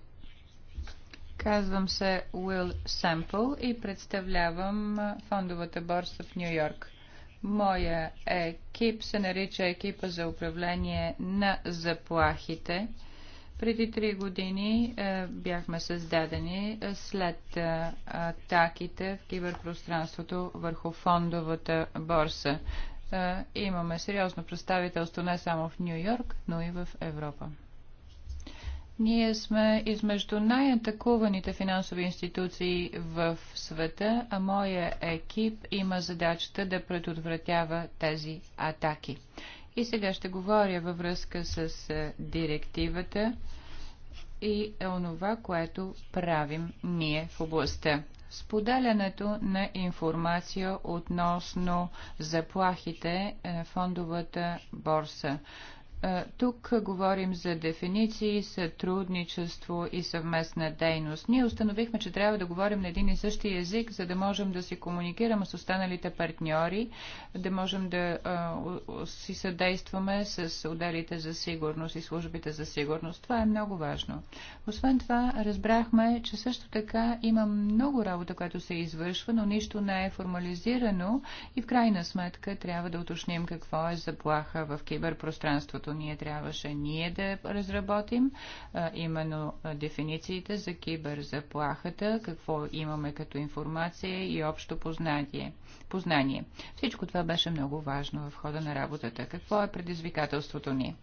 Speaker 1: Казвам се Уил Семпл и представлявам фондовата борса в Нью Йорк. Моя екип се нарича екипа за управление на заплахите – преди три години е, бяхме създадени е, след е, атаките в киберпространството върху фондовата борса. Е, имаме сериозно представителство не само в Нью Йорк, но и в Европа. Ние сме измежду най-атакуваните финансови институции в света, а моя екип има задачата да предотвратява тези атаки. И сега ще говоря във връзка с е, директивата и е онова, което правим ние в областта. Споделянето на информация относно заплахите на е, фондовата борса. Е, тук говорим за дефиниции, сътрудничество и съвместна дейност. Ние установихме, че трябва да говорим на един и същи език, за да можем да си комуникираме с останалите партньори, да можем да а, е, си съдействаме с отделите за сигурност и службите за сигурност. Това е много важно. Освен това, разбрахме, че също така има много работа, която се извършва, но нищо не е формализирано и в крайна сметка трябва да уточним какво е заплаха в киберпространството ние трябваше ние да разработим, именно дефинициите за киберзаплахата, какво имаме като информация и общо познание. познание. Всичко това беше много важно в хода на работата. Какво е предизвикателството ни?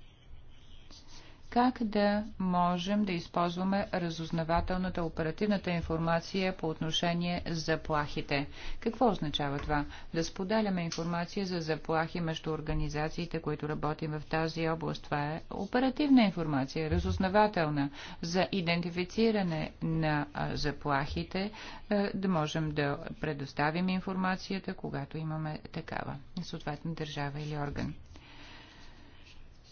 Speaker 1: как да можем да използваме разузнавателната оперативната информация по отношение заплахите. Какво означава това? Да споделяме информация за заплахи между организациите, които работим в тази област. Това е оперативна информация, разузнавателна, за идентифициране на заплахите, да можем да предоставим информацията, когато имаме такава, съответна държава или орган.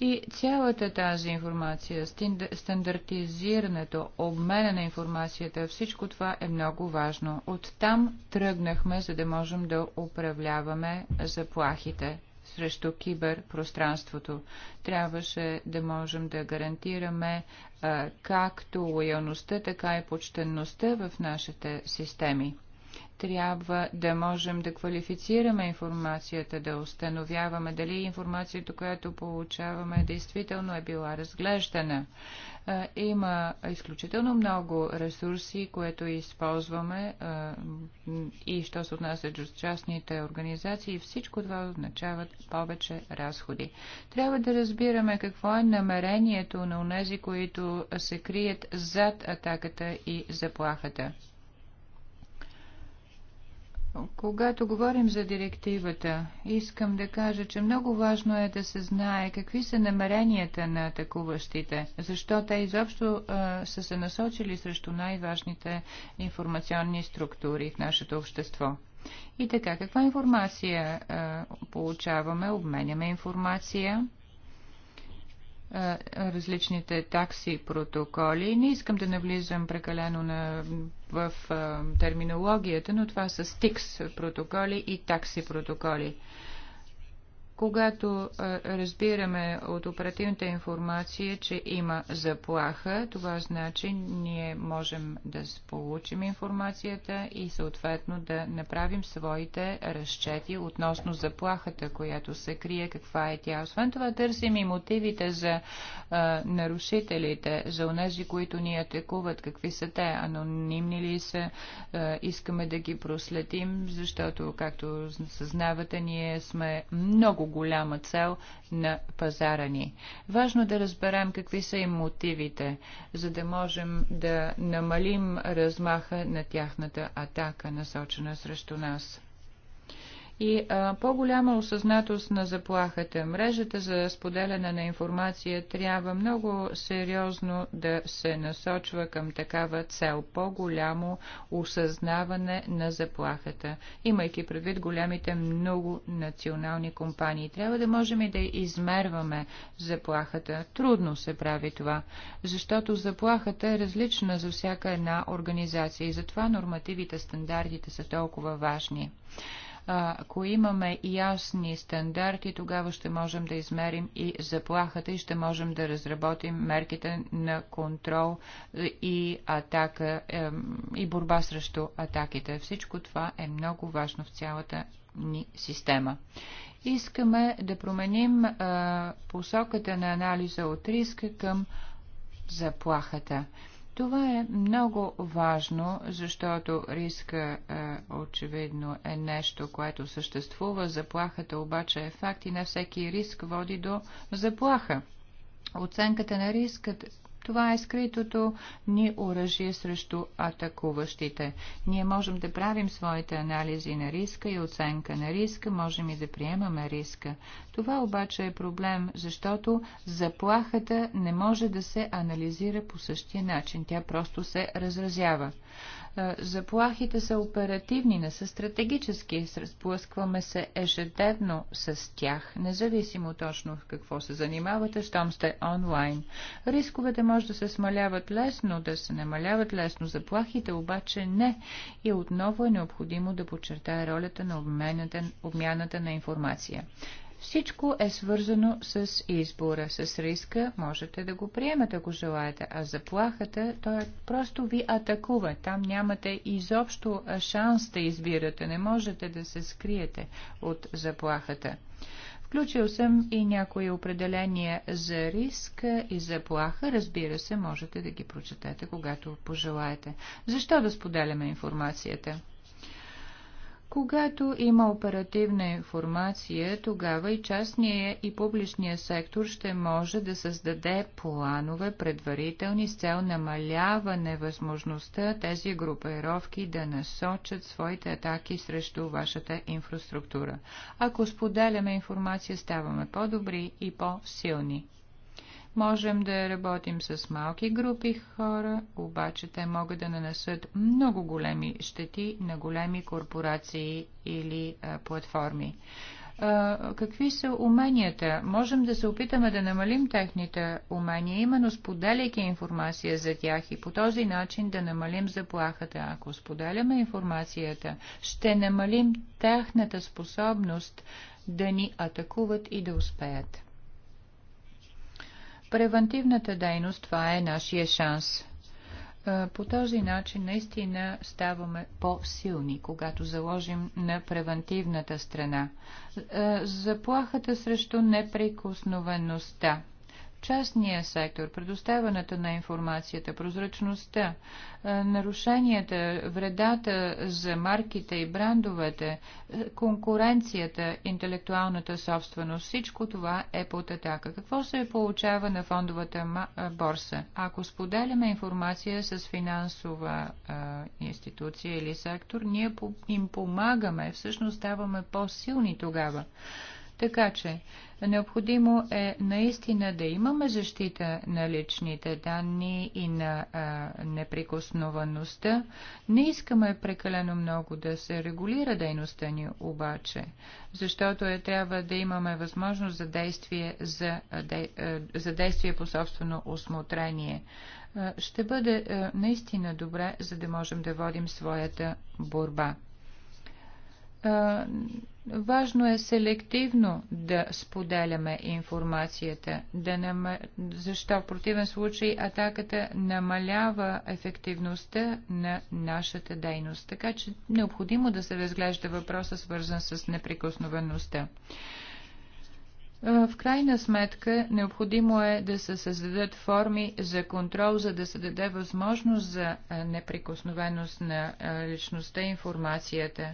Speaker 1: И цялата тази информация, стандартизирането, обмена на информацията, всичко това е много важно. Оттам тръгнахме, за да можем да управляваме заплахите срещу киберпространството. Трябваше да можем да гарантираме а, както лоялността, така и почтенността в нашите системи трябва да можем да квалифицираме информацията, да установяваме дали информацията, която получаваме, действително е била разглеждана. Има изключително много ресурси, които използваме и що се отнася до частните организации, всичко това означават повече разходи. Трябва да разбираме какво е намерението на унези, които се крият зад атаката и заплахата. Когато говорим за директивата, искам да кажа, че много важно е да се знае какви са намеренията на атакуващите, защо те изобщо а, са се насочили срещу най-важните информационни структури в нашето общество. И така, каква информация а, получаваме? Обменяме информация различните такси и протоколи. Не искам да навлизам прекалено на, в терминологията, но това са стикс протоколи и такси протоколи. Когато разбираме от оперативната информация, че има заплаха, това значи ние можем да получим информацията и съответно да направим своите разчети относно заплахата, която се крие, каква е тя. Освен това търсим и мотивите за а, нарушителите, за онези, които ни атакуват, какви са те, анонимни ли са, а, искаме да ги проследим, защото, както съзнавате, ние сме много голяма цел на пазара ни. Важно да разберем какви са им мотивите, за да можем да намалим размаха на тяхната атака, насочена срещу нас и по-голяма осъзнатост на заплахата. Мрежата за споделяне на информация трябва много сериозно да се насочва към такава цел по-голямо осъзнаване на заплахата, имайки предвид голямите много национални компании. Трябва да можем и да измерваме заплахата. Трудно се прави това, защото заплахата е различна за всяка една организация и затова нормативите, стандартите са толкова важни. Ако имаме ясни стандарти, тогава ще можем да измерим и заплахата и ще можем да разработим мерките на контрол и атака и борба срещу атаките. Всичко това е много важно в цялата ни система. Искаме да променим посоката на анализа от риска към заплахата. Това е много важно, защото риска е, очевидно е нещо, което съществува. Заплахата обаче е факт и не всеки риск води до заплаха. Оценката на рискът това е скритото ни оръжие срещу атакуващите. Ние можем да правим своите анализи на риска и оценка на риска, можем и да приемаме риска. Това обаче е проблем, защото заплахата не може да се анализира по същия начин. Тя просто се разразява. Е, заплахите са оперативни, не са стратегически. Разплъскваме се ежедневно с тях, независимо точно в какво се занимавате, щом сте онлайн. Рисковете може да се смаляват лесно, да се намаляват лесно, заплахите обаче не. И отново е необходимо да подчертая ролята на обмяната, обмяната на информация. Всичко е свързано с избора, с риска. Можете да го приемете, ако желаете. А заплахата, той е просто ви атакува. Там нямате изобщо шанс да избирате. Не можете да се скриете от заплахата. Включил съм и някои определения за риск и заплаха. Разбира се, можете да ги прочетете, когато пожелаете. Защо да споделяме информацията? Когато има оперативна информация, тогава и частния и публичния сектор ще може да създаде планове предварителни с цел намаляване възможността тези групировки да насочат своите атаки срещу вашата инфраструктура. Ако споделяме информация, ставаме по-добри и по-силни. Можем да работим с малки групи хора, обаче те могат да нанесат много големи щети на големи корпорации или а, платформи. А, какви са уменията? Можем да се опитаме да намалим техните умения, именно споделяйки информация за тях и по този начин да намалим заплахата. Ако споделяме информацията, ще намалим тяхната способност да ни атакуват и да успеят. Превентивната дейност, това е нашия шанс. Е, по този начин наистина ставаме по-силни, когато заложим на превентивната страна. Е, заплахата срещу неприкосновеността – частния сектор, предоставянето на информацията, прозрачността, е, нарушенията, вредата за марките и брандовете, е, конкуренцията, интелектуалната собственост, всичко това е под атака. Какво се получава на фондовата е, борса? Ако споделяме информация с финансова институция или сектор, ние им помагаме, всъщност ставаме по-силни тогава. Така че Необходимо е наистина да имаме защита на личните данни и на а, неприкосновеността. Не искаме прекалено много да се регулира дейността ни обаче, защото е трябва да имаме възможност за действие, за, де, за действие по собствено осмотрение. Ще бъде наистина добре, за да можем да водим своята борба. Важно е селективно да споделяме информацията, да нам... защо в противен случай атаката намалява ефективността на нашата дейност. Така че необходимо да се разглежда въпроса, свързан с неприкосновеността. В крайна сметка, необходимо е да се създадат форми за контрол, за да се даде възможност за неприкосновеност на личността и информацията.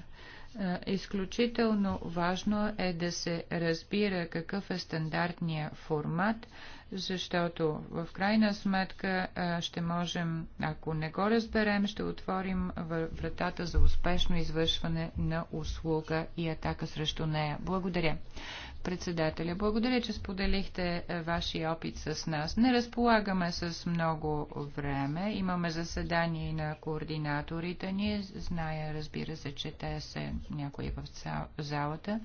Speaker 1: Е, изключително важно е да се разбира какъв е стандартния формат, защото в крайна сметка е, ще можем, ако не го разберем, ще отворим вратата за успешно извършване на услуга и атака срещу нея. Благодаря. Председателя, благодаря, че споделихте е, вашия опит с нас. Не разполагаме с много време. Имаме заседание на координаторите ни. Зная, разбира се, че те са някои в залата.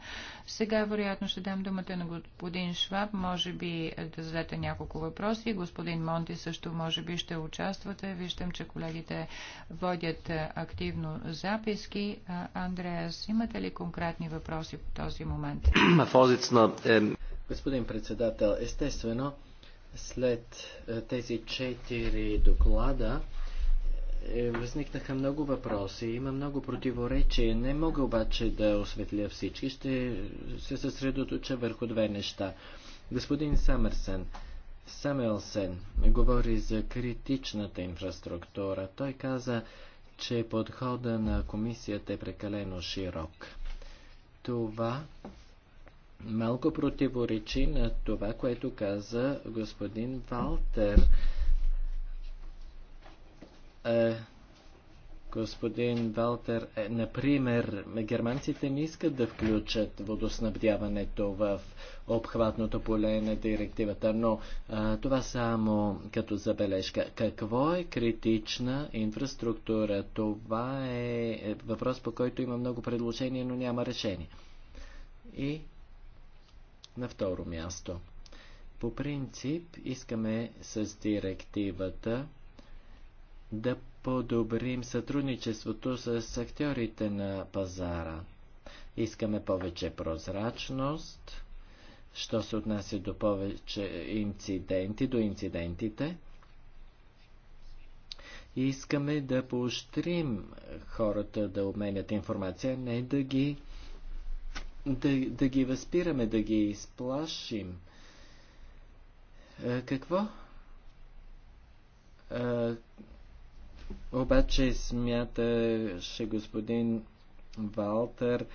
Speaker 1: Сега, вероятно, ще дам думата на господин Шваб. Може би е, да зададете няколко въпроси. Господин Монти също, може би, ще участвате. Виждам, че колегите водят е, активно записки. Андреас, имате ли конкретни въпроси по този момент?
Speaker 3: vorsitzender. Е, Господин председател, естествено, след е, тези четири доклада е, възникнаха много въпроси, има много противоречия. Не мога обаче да осветля всички. Ще се съсредоточа върху две неща. Господин Самърсен, Самелсен говори за критичната инфраструктура. Той каза, че подхода на комисията е прекалено широк. Това малко противоречи на това, което каза господин Валтер. Е, господин Валтер, е, например, германците не искат да включат водоснабдяването в обхватното поле на директивата, но е, това само като забележка. Какво е критична инфраструктура? Това е въпрос, по който има много предложения, но няма решение. И на второ място. По принцип искаме с директивата да подобрим сътрудничеството с актьорите на пазара. Искаме повече прозрачност, що се отнася до повече инциденти, до инцидентите. И искаме да поощрим хората да обменят информация, не да ги да, да ги възпираме, да ги изплашим. Е, какво? Е, обаче смяташе господин Валтер, е,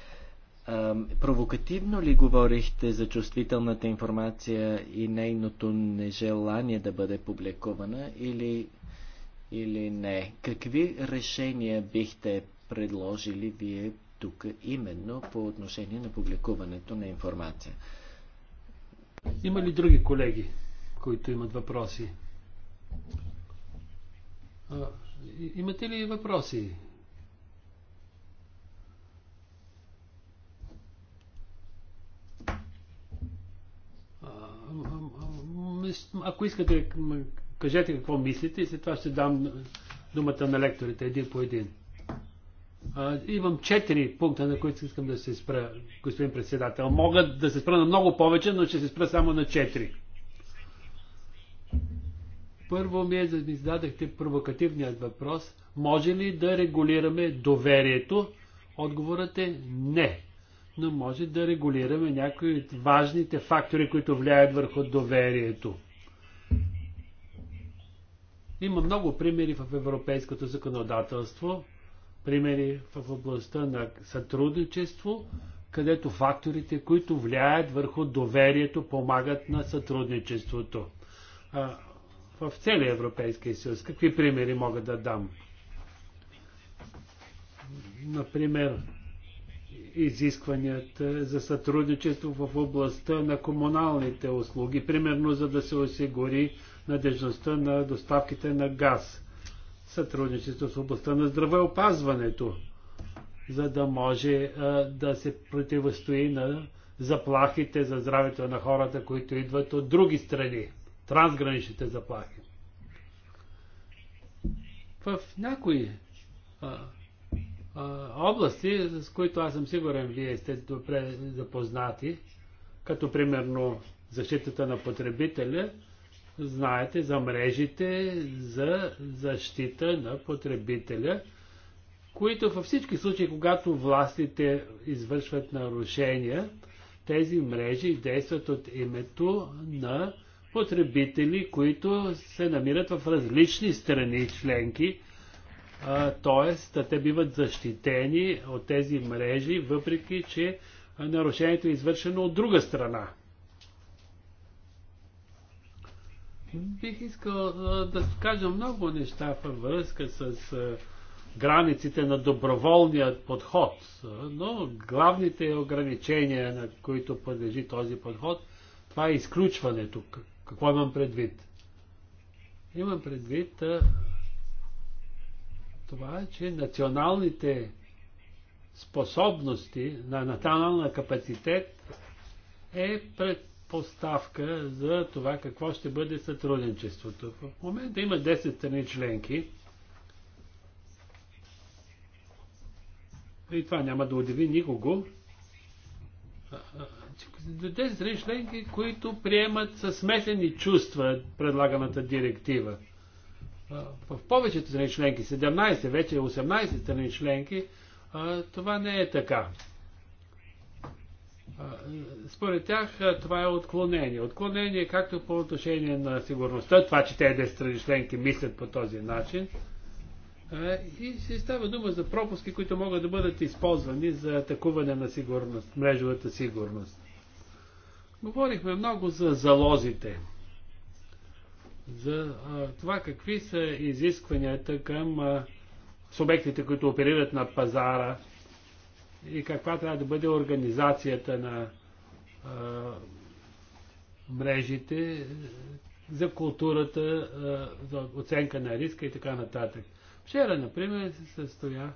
Speaker 3: провокативно ли говорихте за чувствителната информация и нейното нежелание да бъде публикувана или, или не? Какви решения бихте предложили вие тук именно по отношение на публикуването на информация.
Speaker 2: Има ли други колеги, които имат въпроси? А, имате ли въпроси? ако искате, кажете какво мислите и след това ще дам думата на лекторите един по един имам четири пункта, на които искам да се спра, господин председател. Мога да се спра на много повече, но ще се спра само на четири. Първо ми е, да ми зададахте провокативният въпрос. Може ли да регулираме доверието? Отговорът е не. Но може да регулираме някои от важните фактори, които влияят върху доверието. Има много примери в европейското законодателство, примери в областта на сътрудничество, където факторите, които влияят върху доверието, помагат на сътрудничеството. А, в целия Европейски съюз. Какви примери мога да дам? Например, изискванията за сътрудничество в областта на комуналните услуги, примерно за да се осигури надежността на доставките на газ сътрудничество в областта на здравеопазването, за да може а, да се противостои на заплахите за здравето на хората, които идват от други страни, трансграничните заплахи. В някои а, а, области, с които аз съм сигурен, вие сте добре запознати, като примерно защитата на потребителя, знаете за мрежите за защита на потребителя, които във всички случаи, когато властите извършват нарушения, тези мрежи действат от името на потребители, които се намират в различни страни членки, т.е. те биват защитени от тези мрежи, въпреки че нарушението е извършено от друга страна. Бих искал да кажа много неща във връзка с границите на доброволният подход, но главните ограничения, на които подлежи този подход, това е изключването. Какво имам предвид? Имам предвид това, че националните способности на национална капацитет е пред предпоставка за това какво ще бъде сътрудничеството. В момента има 10 страни членки. И това няма да удиви никого. 10 страни членки, които приемат със смесени чувства предлаганата директива. В повечето страни членки, 17, вече 18 страни членки, това не е така. Според тях това е отклонение. Отклонение както по отношение на сигурността, това, че те 10 страни членки мислят по този начин, и се става дума за пропуски, които могат да бъдат използвани за атакуване на сигурност, мрежовата сигурност. Говорихме много за залозите, за това какви са изискванията към субектите, които оперират на пазара и каква трябва да бъде организацията на а, мрежите за културата, а, за оценка на риска и така нататък. Вчера, например, се състоя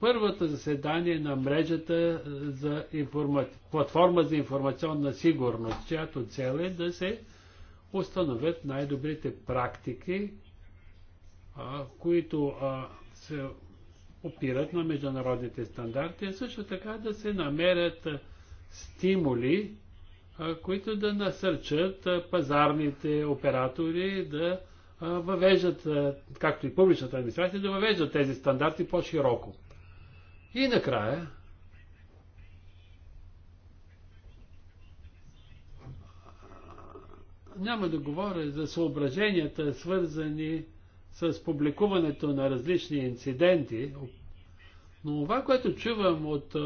Speaker 2: първото заседание на мрежата за информа... платформа за информационна сигурност, чиято цел е да се установят най-добрите практики, а, които а, се опират на международните стандарти, а също така да се намерят стимули, които да насърчат пазарните оператори да въвеждат, както и публичната администрация, да въвеждат тези стандарти по-широко. И накрая, няма да говоря за съображенията, свързани с публикуването на различни инциденти, но това, което чувам от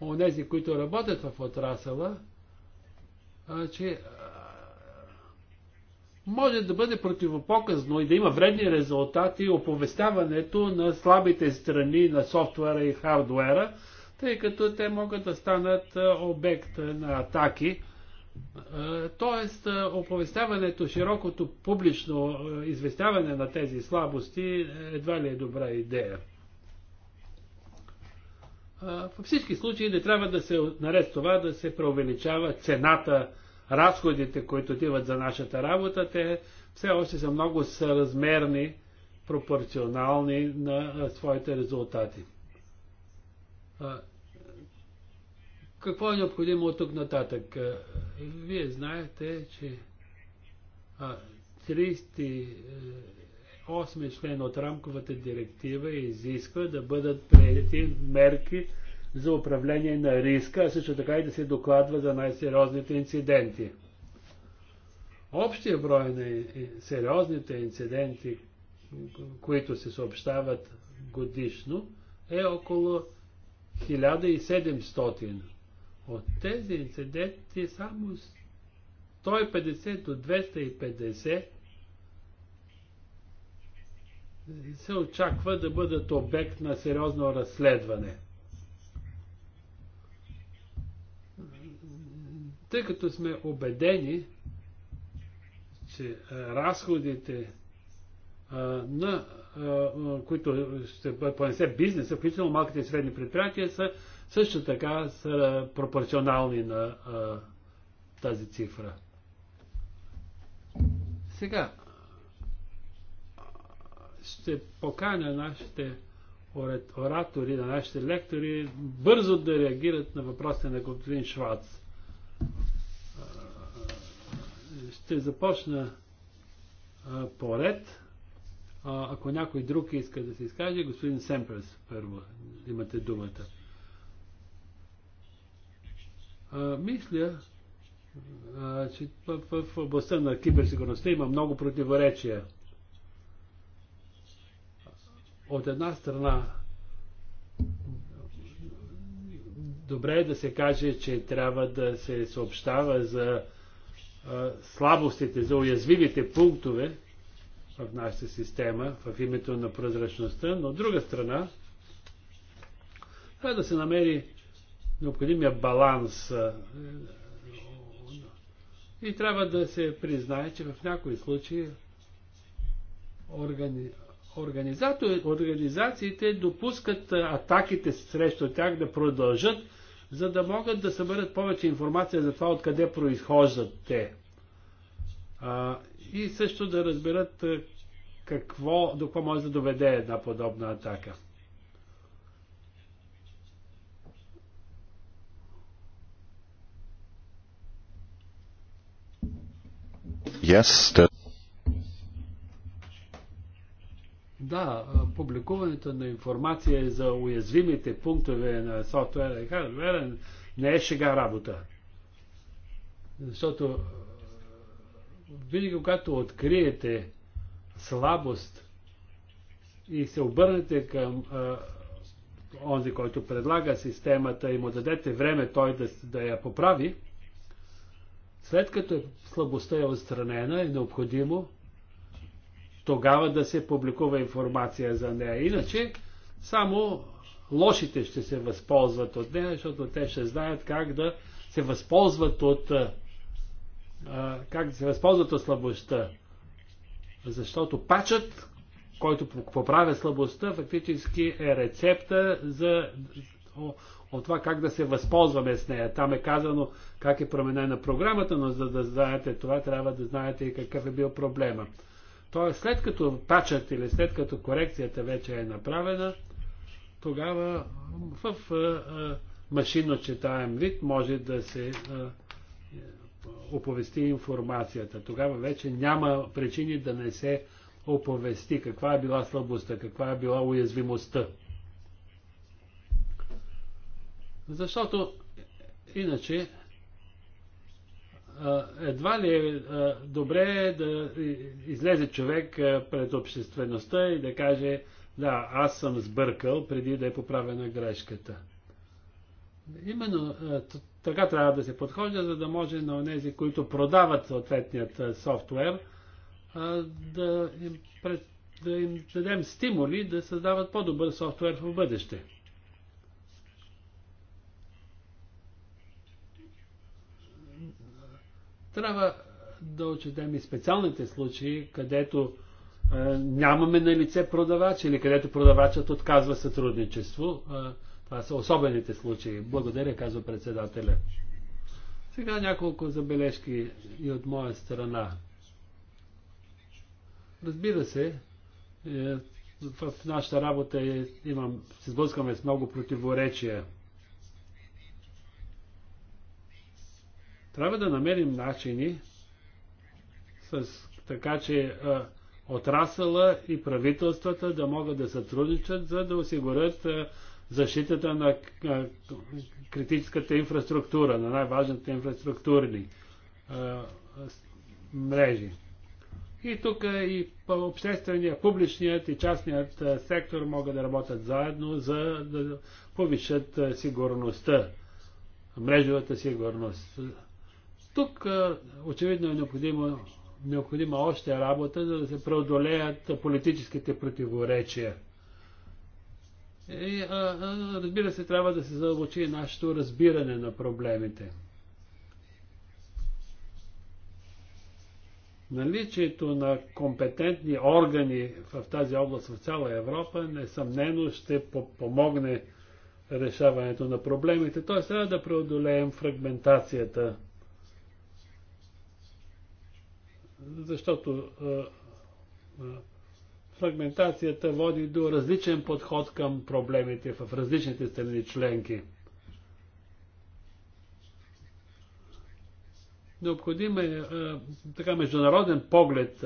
Speaker 2: онези, които работят в отрасъла, а, че а, може да бъде противопоказно и да има вредни резултати оповестяването на слабите страни на софтуера и хардуера, тъй като те могат да станат обект на атаки е, тоест, е, оповестяването, широкото публично е, известяване на тези слабости едва ли е добра идея. Във всички случаи не трябва да се, наред това, да се преувеличава цената, разходите, които отиват за нашата работа, те все още са много съразмерни, пропорционални на своите резултати. Какво е необходимо от тук нататък? Е, вие знаете, че 38 член от рамковата директива изисква да бъдат приети мерки за управление на риска, а също така и да се докладва за най-сериозните инциденти. Общия брой на сериозните инциденти, които се съобщават годишно, е около 1700. От тези инциденти само 150 до 250 се очаква да бъдат обект на сериозно разследване. Тъй като сме убедени, че разходите на които ще понесе бизнеса, включително малките и средни предприятия, са също така са пропорционални на а, тази цифра. Сега ще поканя нашите оратори, на нашите лектори, бързо да реагират на въпросите на господин Швац. Ще започна поред. Ако някой друг иска да се изкаже, господин Семперс първо. Имате думата. Мисля, че в областта на киберсигурността има много противоречия. От една страна, добре е да се каже, че трябва да се съобщава за слабостите, за уязвимите пунктове в нашата система, в името на прозрачността, но от друга страна, трябва да се намери необходимия баланс. Е, и трябва да се признае, че в някои случаи органи... организациите допускат атаките срещу тях да продължат, за да могат да съберат повече информация за това откъде произхождат те. А, и също да разберат какво, до какво може да доведе една подобна атака.
Speaker 1: Yes, the...
Speaker 2: Да, публикуването на информация за уязвимите пунктове на софтуера и хардуера не е шега работа. Защото винаги когато откриете слабост и се обърнете към а, онзи, който предлага системата и му дадете време той да, да я поправи, след като слабостта е отстранена, е необходимо тогава да се публикува информация за нея. Иначе само лошите ще се възползват от нея, защото те ще знаят как да се възползват от как да се възползват от слабостта. Защото пачът, който поправя слабостта, фактически е рецепта за о, о това как да се възползваме с нея. Там е казано как е променена програмата, но за да знаете това, трябва да знаете и какъв е бил проблема. Тоест, след като пачът или след като корекцията вече е направена, тогава в а, а, машинно четаем вид може да се а, оповести информацията. Тогава вече няма причини да не се оповести каква е била слабостта, каква е била уязвимостта. Защото иначе едва ли е добре да излезе човек пред обществеността и да каже да, аз съм сбъркал преди да е поправена грешката. Именно така трябва да се подхожда, за да може на тези, които продават съответният софтуер, да им, пред, да им дадем стимули да създават по-добър софтуер в бъдеще. Трябва да отчетем и специалните случаи, където е, нямаме на лице продавач или където продавачът отказва сътрудничество. Е, това са особените случаи. Благодаря, казва председателя. Сега няколко забележки и от моя страна. Разбира се, е, в нашата работа е, имам, се сблъскаме с много противоречия. Трябва да намерим начини, с, така че а, отрасъла и правителствата да могат да сътрудничат, за да осигурят а, защитата на а, критическата инфраструктура, на най-важните инфраструктурни а, мрежи. И тук и обществения, публичният и частният сектор могат да работят заедно, за да повишат сигурността, мрежовата сигурност. Тук очевидно е необходимо, необходима още работа, за да се преодолеят политическите противоречия. И, а, а, разбира се, трябва да се задълбочи нашето разбиране на проблемите. Наличието на компетентни органи в тази област в цяла Европа несъмнено ще по помогне решаването на проблемите. Т.е. трябва да преодолеем фрагментацията защото е, е, фрагментацията води до различен подход към проблемите в различните страни членки. Необходим е, е така международен поглед,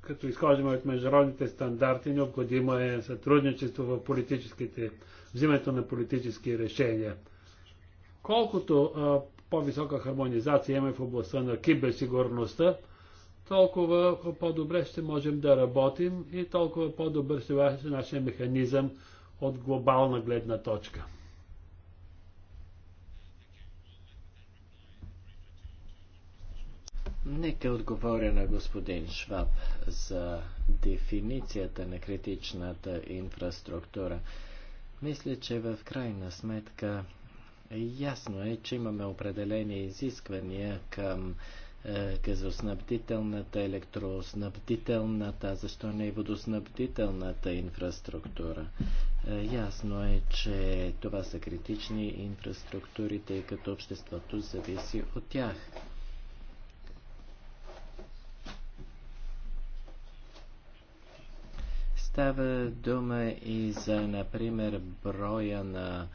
Speaker 2: като изхождаме от международните стандарти, необходимо е сътрудничество в политическите, взимането на политически решения. Колкото по-висока хармонизация имаме в областта на киберсигурността, толкова по-добре ще можем да работим и толкова по-добър ще бъде нашия механизъм от глобална гледна точка.
Speaker 3: Нека отговоря на господин Шваб за дефиницията на критичната инфраструктура. Мисля, че в крайна сметка е ясно е, че имаме определени изисквания към е, газоснабдителната, електроснабдителната, защо не и водоснабдителната инфраструктура. Е, ясно е, че това са критични инфраструктури, тъй като обществото зависи от тях. Става дума и за, например, броя на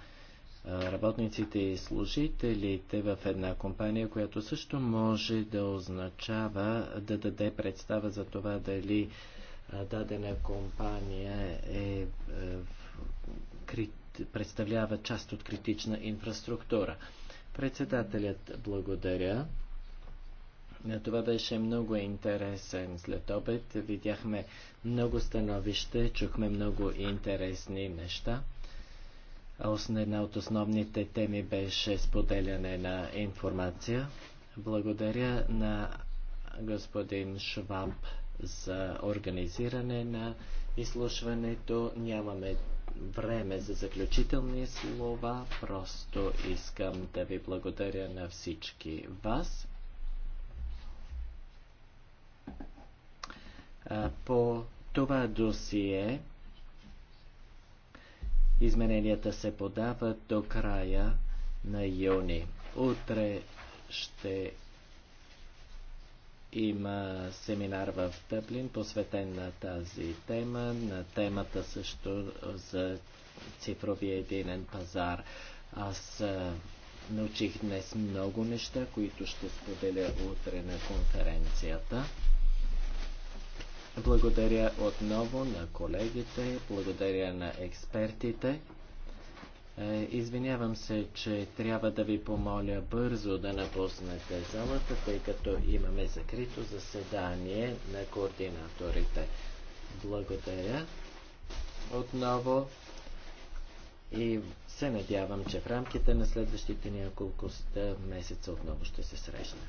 Speaker 3: работниците и служителите в една компания, която също може да означава да даде представа за това дали дадена компания е, е, представлява част от критична инфраструктура. Председателят благодаря. Това беше много интересен след обед. Видяхме много становище, чухме много интересни неща. Една от основните теми беше споделяне на информация. Благодаря на господин Шваб за организиране на изслушването. Нямаме време за заключителни слова. Просто искам да ви благодаря на всички вас. По това досие Измененията се подават до края на юни. Утре ще има семинар в Тъблин, посветен на тази тема, на темата също за цифровия единен пазар. Аз научих днес много неща, които ще споделя утре на конференцията. Благодаря отново на колегите, благодаря на експертите. Е, извинявам се, че трябва да ви помоля бързо да напуснете залата, тъй като имаме закрито заседание на координаторите. Благодаря отново и се надявам, че в рамките на следващите няколко месеца отново ще се срещнем.